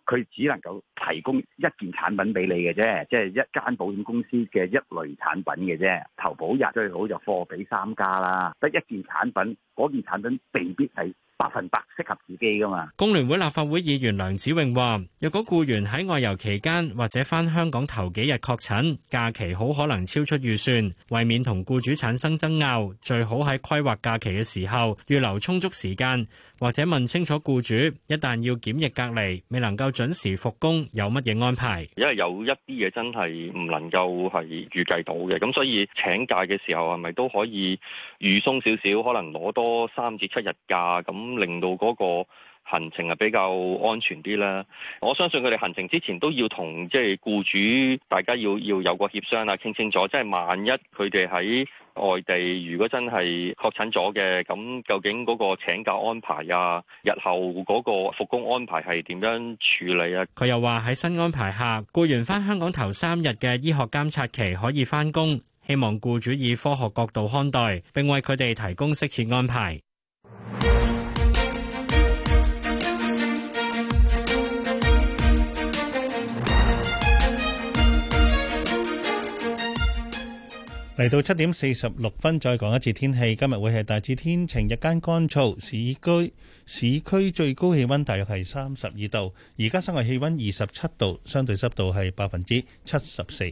佢只能夠提供一件產品俾你嘅啫，即係一間保險公司嘅一類產品嘅啫。投保日最好就貨比三家啦，得一件產品，嗰件產品未必係。百分百適合自己噶嘛？工聯會立法會議員梁子穎話，若果僱員喺外遊期間或者翻香港頭幾日確診，假期好可能超出預算。為免同僱主產生爭拗，最好喺規劃假期嘅時候預留充足時間，或者問清楚僱主，一旦要檢疫隔離，未能夠準時復工，有乜嘢安排？因為有一啲嘢真係唔能夠係預計到嘅，咁所以請假嘅時候係咪都可以預鬆少少，可能攞多三至七日假咁？咁令到嗰個行程啊，比較安全啲啦。我相信佢哋行程之前都要同即係僱主，大家要要有個協商啊，傾清楚。即係萬一佢哋喺外地，如果真係確診咗嘅，咁究竟嗰個請假安排啊，日後嗰個復工安排係點樣處理啊？佢又話喺新安排下，僱員翻香港頭三日嘅醫學監察期可以翻工，希望僱主以科學角度看待，並為佢哋提供適切安排。 *music* 嚟到七點四十六分，再講一次天氣。今日會係大致天晴，日間乾燥。市居市區最高氣溫大約係三十二度，而家室外氣溫二十七度，相對濕度係百分之七十四。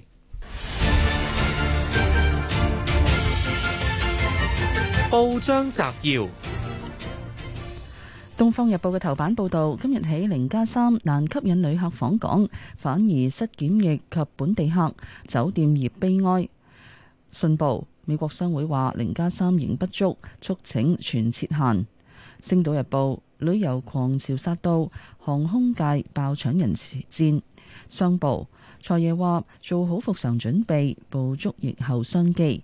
報章摘要：《東方日報》嘅頭版報道，今日起零加三難吸引旅客訪港，反而失檢疫及本地客，酒店業悲哀。信報：美國商會話零加三仍不足，促請全撤限。星島日報：旅遊狂潮殺到，航空界爆搶人戰。商報：財爺話做好復常準備，捕捉疫後商機。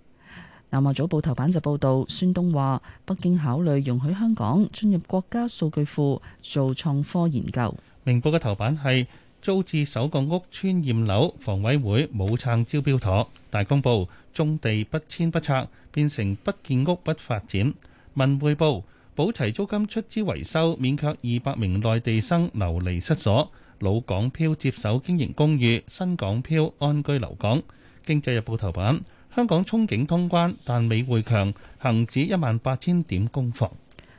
南華早報頭版就報道，孫東話北京考慮容許香港進入國家數據庫做創科研究。明報嘅頭版係租置首個屋村驗樓，房委會冇撐招標妥。大公報，用地不遷不拆，變成不建屋不發展。文匯報，補齊租金，出資維修，勉強二百名內地生流離失所。老港漂接手經營公寓，新港漂安居留港。經濟日報頭版：香港憧憬通關，但美匯強，恆指一萬八千點攻防。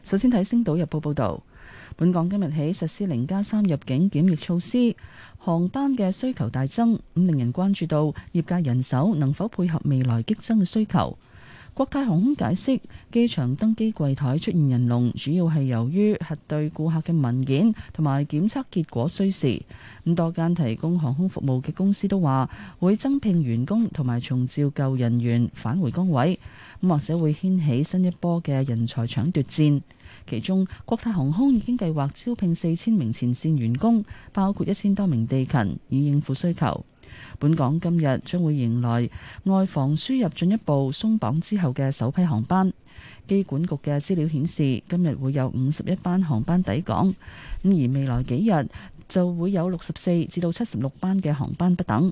首先睇《星島日報》報道。本港今日起實施零加三入境檢疫措施，航班嘅需求大增，咁令人關注到業界人手能否配合未來激增嘅需求。國泰航空解釋，機場登機櫃台出現人龍，主要係由於核對顧客嘅文件同埋檢測結果需時。咁多間提供航空服務嘅公司都話會增聘員工同埋重召舊人員返回崗位，咁或者會掀起新一波嘅人才搶奪戰。其中，國泰航空已經計劃招聘四千名前線員工，包括一千多名地勤，以應付需求。本港今日將會迎來外防輸入進一步鬆綁之後嘅首批航班。機管局嘅資料顯示，今日會有五十一班航班抵港，咁而未來幾日就會有六十四至到七十六班嘅航班不等。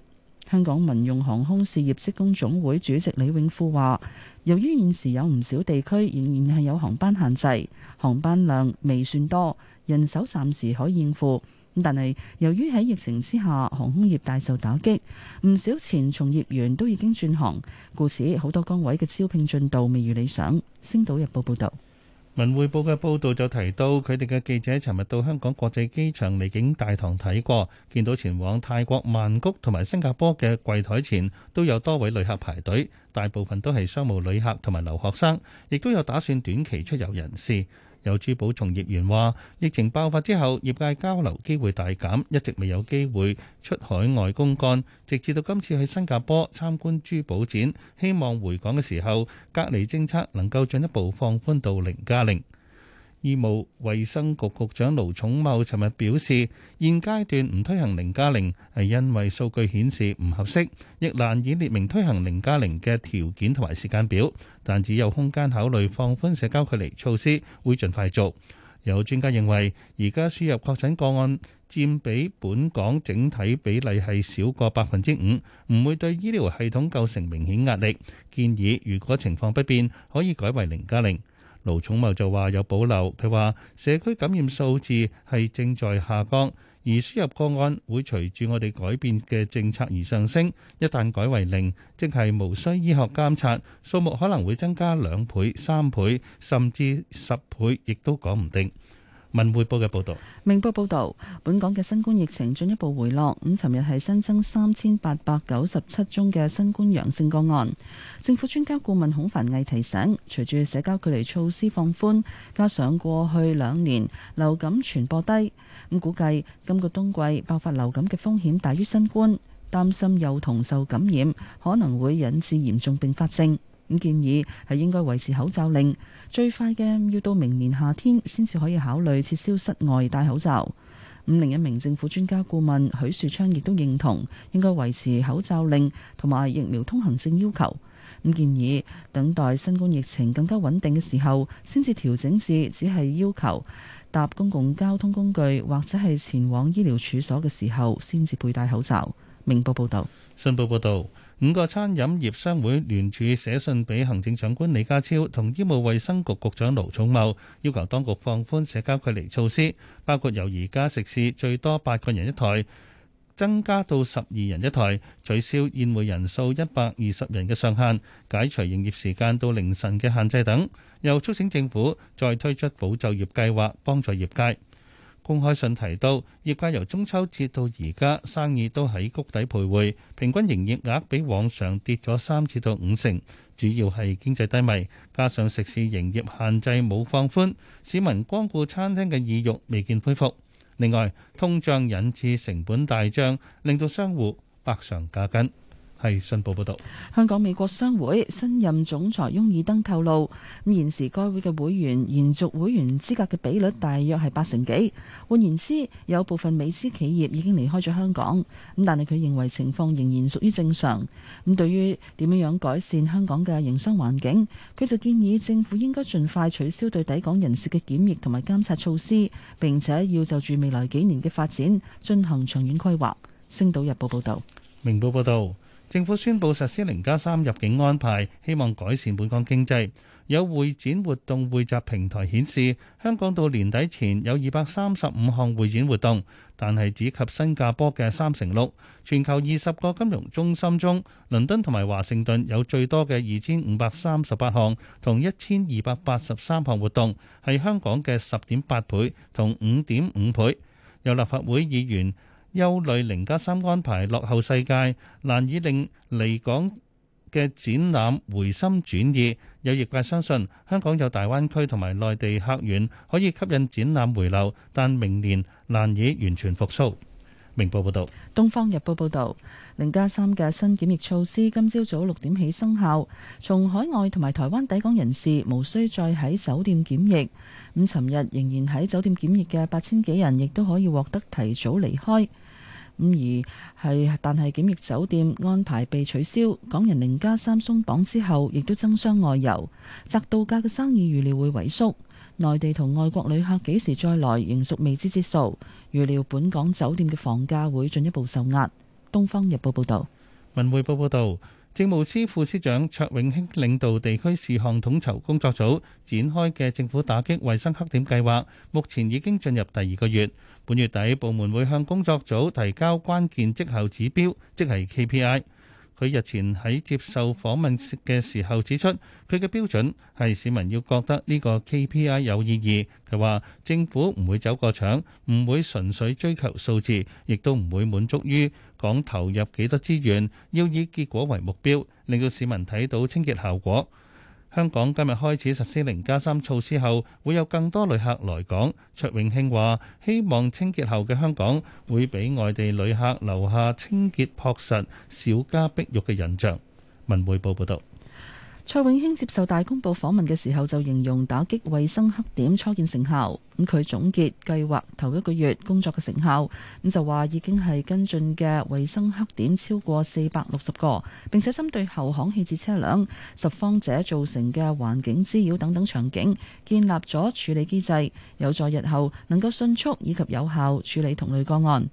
香港民用航空事業職工總會主席李永富話：由於現時有唔少地區仍然係有航班限制，航班量未算多，人手暫時可以應付。但係由於喺疫情之下，航空業大受打擊，唔少前從業員都已經轉行，故此好多崗位嘅招聘進度未如理想。星島日報報導。文匯報嘅報道就提到，佢哋嘅記者尋日到香港國際機場離境大堂睇過，見到前往泰國曼谷同埋新加坡嘅櫃台前都有多位旅客排隊，大部分都係商務旅客同埋留學生，亦都有打算短期出遊人士。有珠寶從業員話疫情爆發之後業界交流機會大減，一直未有機會出海外公幹，直至到今次去新加坡參觀珠寶展，希望回港嘅時候，隔離政策能夠進一步放寬到零加零。醫務衛生局局長盧寵茂尋日表示，現階段唔推行零加零係因為數據顯示唔合適，亦難以列明推行零加零嘅條件同埋時間表。但只有空間考慮放寬社交距離措施，會盡快做。有專家認為，而家輸入確診個案佔比本港整體比例係少過百分之五，唔會對醫療系統構成明顯壓力。建議如果情況不變，可以改為零加零。盧寵茂就話有保留，佢話社區感染數字係正在下降，而輸入個案會隨住我哋改變嘅政策而上升。一旦改為零，即係無需醫學監察，數目可能會增加兩倍、三倍，甚至十倍，亦都講唔定。文匯報嘅報道，明報報道，本港嘅新冠疫情進一步回落。咁，尋日係新增三千八百九十七宗嘅新冠陽性個案。政府專家顧問孔繁毅提醒，隨住社交距離措施放寬，加上過去兩年流感傳播低，咁估計今個冬季爆發流感嘅風險大於新冠，擔心幼童受感染可能會引致嚴重併發症。咁建議係應該維持口罩令，最快嘅要到明年夏天先至可以考慮撤銷室外戴口罩。咁另一名政府專家顧問許樹昌亦都認同，應該維持口罩令同埋疫苗通行證要求。咁建議等待新冠疫情更加穩定嘅時候，先至調整至只係要求搭公共交通工具或者係前往醫療處所嘅時候先至佩戴口罩。明報報道。新報報道。五個餐飲業商會聯署寫信俾行政長官李家超同醫務衛生局局長盧寵茂，要求當局放寬社交距離措施，包括由而家食肆最多八個人一台，增加到十二人一台，取消宴會人數一百二十人嘅上限，解除營業時間到凌晨嘅限制等，又促請政府再推出保就業計劃，幫助業界。公開信提到，業界由中秋節到而家生意都喺谷底徘徊，平均營業額比往常跌咗三至到五成，主要係經濟低迷，加上食肆營業限制冇放寬，市民光顧餐廳嘅意欲未見恢復。另外，通脹引致成本大漲，令到商戶百上加斤。係《信報》報道，香港美國商會新任總裁翁爾登透露，咁現時該會嘅會員延續會員資格嘅比率大約係八成幾。換言之，有部分美資企業已經離開咗香港。咁但係佢認為情況仍然屬於正常。咁對於點樣改善香港嘅營商環境，佢就建議政府應該盡快取消對抵港人士嘅檢疫同埋監察措施，並且要就住未來幾年嘅發展進行長遠規劃。《星島日報》報道，《明報》報道。政府宣布實施零加三入境安排，希望改善本港經濟。有會展活動匯集平台顯示，香港到年底前有二百三十五項會展活動，但係只及新加坡嘅三成六。全球二十個金融中心中，倫敦同埋華盛頓有最多嘅二千五百三十八項，同一千二百八十三項活動，係香港嘅十點八倍同五點五倍。有立法會議員憂慮零加三安排落後世界，難以令離港嘅展覽回心轉意。有業界相信香港有大灣區同埋內地客源可以吸引展覽回流，但明年難以完全復甦。明報報導，《東方日報》報導，零加三嘅新檢疫措施今朝早六點起生效，從海外同埋台灣抵港人士無需再喺酒店檢疫。咁尋日仍然喺酒店檢疫嘅八千幾人，亦都可以獲得提早離開。咁而係，但係檢疫酒店安排被取消，港人零加三鬆綁之後，亦都爭相外遊，宅度假嘅生意預料會萎縮。內地同外國旅客幾時再來，仍屬未知之數。預料本港酒店嘅房價會進一步受壓。東方日報報道，文匯報報道，政務司副司長卓永興領導地區事項統籌工作組展開嘅政府打擊衛生黑點計劃，目前已經進入第二個月。本月底，部門會向工作組提交關鍵績效指標，即係 KPI。佢日前喺接受訪問嘅時候指出，佢嘅標準係市民要覺得呢個 KPI 有意義，佢話政府唔會走過場，唔會純粹追求數字，亦都唔會滿足於講投入幾多資源，要以結果為目標，令到市民睇到清潔效果。香港今日開始實施零加三措施後，會有更多旅客來港。卓永興話：希望清潔後嘅香港會俾外地旅客留下清潔、樸實、小家碧玉嘅印象。文匯報報道。蔡永興接受大公報訪問嘅時候就形容打擊衛生黑點初見成效。咁、嗯、佢總結計劃頭一個月工作嘅成效，咁、嗯、就話已經係跟進嘅衛生黑點超過四百六十個，並且針對後巷棄置車輛、拾荒者造成嘅環境滋擾等等場景，建立咗處理機制，有助日後能夠迅速以及有效處理同類個案。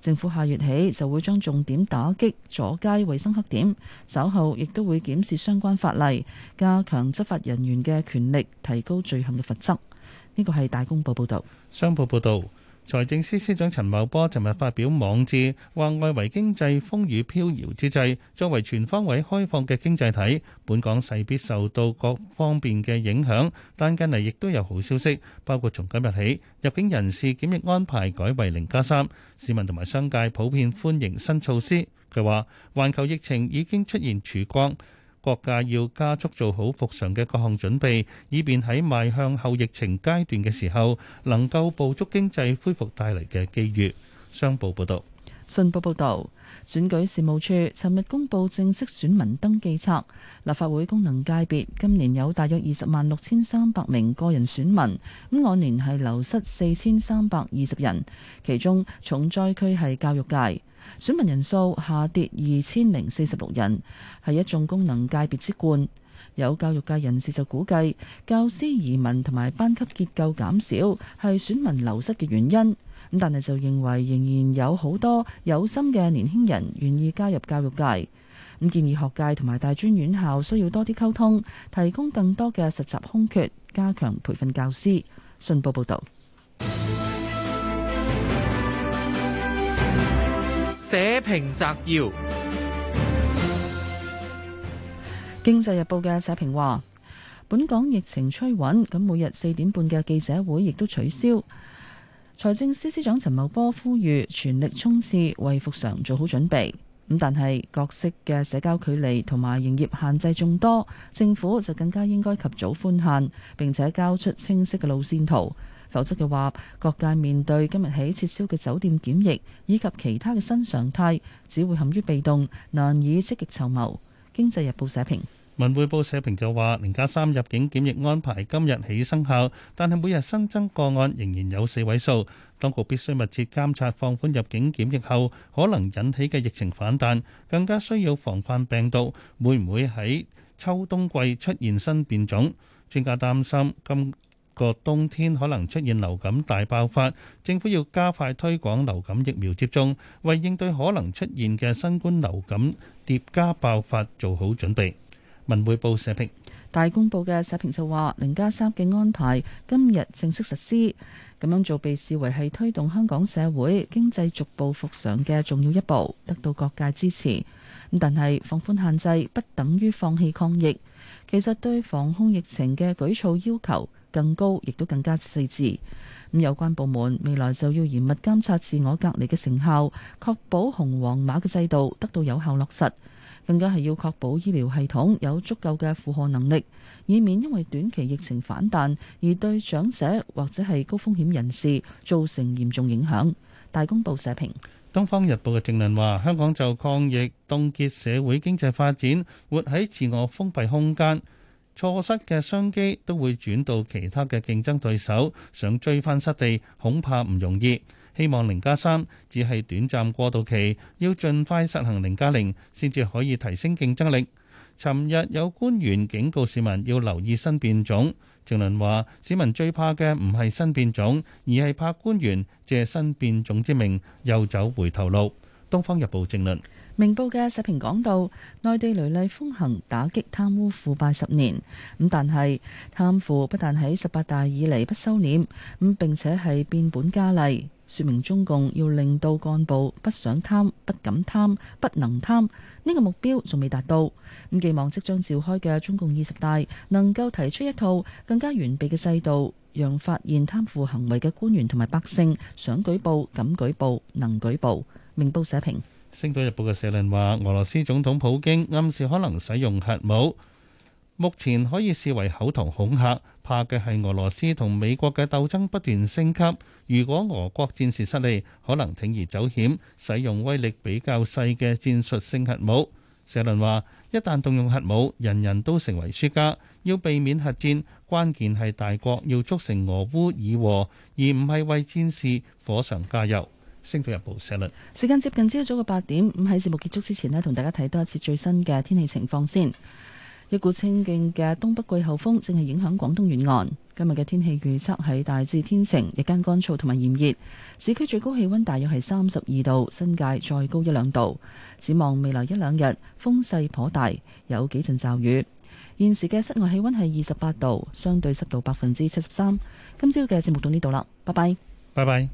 政府下月起就會將重點打擊阻街衞生黑點，稍後亦都會檢視相關法例，加強執法人員嘅權力，提高罪行嘅罰則。呢、這個係大公報報導，商報報導。財政司司長陳茂波尋日發表網誌，話外圍經濟風雨飄搖之際，作為全方位開放嘅經濟體，本港勢必受到各方面嘅影響。但近嚟亦都有好消息，包括從今日起入境人士檢疫安排改為零加三，3，市民同埋商界普遍歡迎新措施。佢話：環球疫情已經出現曙光。國家要加速做好復常嘅各項準備，以便喺邁向後疫情階段嘅時候，能夠捕捉經濟恢復帶嚟嘅機遇。商報報道：「信報報導，選舉事務處尋日公布正式選民登記冊，立法會功能界別今年有大約二十萬六千三百名個人選民，咁按年係流失四千三百二十人，其中重災區係教育界。選民人數下跌，二千零四十六人，係一眾功能界別之冠。有教育界人士就估計，教師移民同埋班級結構減少，係選民流失嘅原因。咁但係就認為仍然有好多有心嘅年輕人願意加入教育界。咁建議學界同埋大專院校需要多啲溝通，提供更多嘅實習空缺，加強培訓教師。信報報道。社評摘要：經濟日報嘅社評話，本港疫情趨穩，咁每日四點半嘅記者會亦都取消。財政司司長陳茂波呼籲全力沖刺，為復常做好準備。咁但係各式嘅社交距離同埋營業限制眾多，政府就更加應該及早寬限，並且交出清晰嘅路線圖。否則嘅話，各界面對今日起撤銷嘅酒店檢疫以及其他嘅新常態，只會陷於被動，難以積極籌謀。經濟日報社評。文匯報社評就話，零加三入境檢疫安排今日起生效，但係每日新增個案仍然有四位數，當局必須密切監察放寬入境檢疫後可能引起嘅疫情反彈，更加需要防範病毒，會唔會喺秋冬季出現新變種。專家擔心今個冬天可能出現流感大爆發，政府要加快推廣流感疫苗接種，為應對可能出現嘅新冠流感疊加爆發做好準備。文匯報社評大公報嘅社評就話：零加三嘅安排今日正式實施，咁樣做被視為係推動香港社會經濟逐步復常嘅重要一步，得到各界支持。咁但係放寬限制不等於放棄抗疫，其實對防控疫情嘅舉措要求。更高，亦都更加細緻，咁有關部門未來就要嚴密監察自我隔離嘅成效，確保紅黃碼嘅制度得到有效落實，更加係要確保醫療系統有足夠嘅負荷能力，以免因為短期疫情反彈而對長者或者係高風險人士造成嚴重影響。大公報社評。東方日報嘅評論話，香港就抗疫凍結社會經濟發展，活喺自我封閉空間。錯失嘅商機都會轉到其他嘅競爭對手，想追翻失地恐怕唔容易。希望零加三只係短暫過渡期，要盡快實行零加零，先至可以提升競爭力。尋日有官員警告市民要留意新變種，正論話市民最怕嘅唔係新變種，而係怕官員借新變種之名又走回頭路。《東方日報》正論。明報嘅社評講到，內地雷厲風行，打擊貪污腐敗十年咁，但係貪腐不但喺十八大以嚟不收斂咁，並且係變本加厲，説明中共要令到幹部不想貪、不敢貪、不能貪呢個目標仲未達到咁，寄望即將召開嘅中共二十大能夠提出一套更加完備嘅制度，讓發現貪腐行為嘅官員同埋百姓想舉報、敢舉報、能舉報。明報社評。《星島日報》嘅社論話，俄羅斯總統普京暗示可能使用核武，目前可以視為口頭恐嚇。怕嘅係俄羅斯同美國嘅鬥爭不斷升級。如果俄國戰事失利，可能鋌而走險，使用威力比較細嘅戰術性核武。社論話，一旦動用核武，人人都成為輸家。要避免核戰，關鍵係大國要促成俄烏議和，而唔係為戰事火上加油。《星島日報》社論，時間接近朝早嘅八點，咁喺節目結束之前呢，同大家睇多一次最新嘅天氣情況先。一股清勁嘅東北季候風正係影響廣東沿岸，今日嘅天氣預測係大致天晴，日間乾燥同埋炎熱，市區最高氣溫大約係三十二度，新界再高一兩度。展望未來一兩日，風勢頗大，有幾陣驟雨。現時嘅室外氣溫係二十八度，相對濕度百分之七十三。今朝嘅節目到呢度啦，拜拜，拜拜。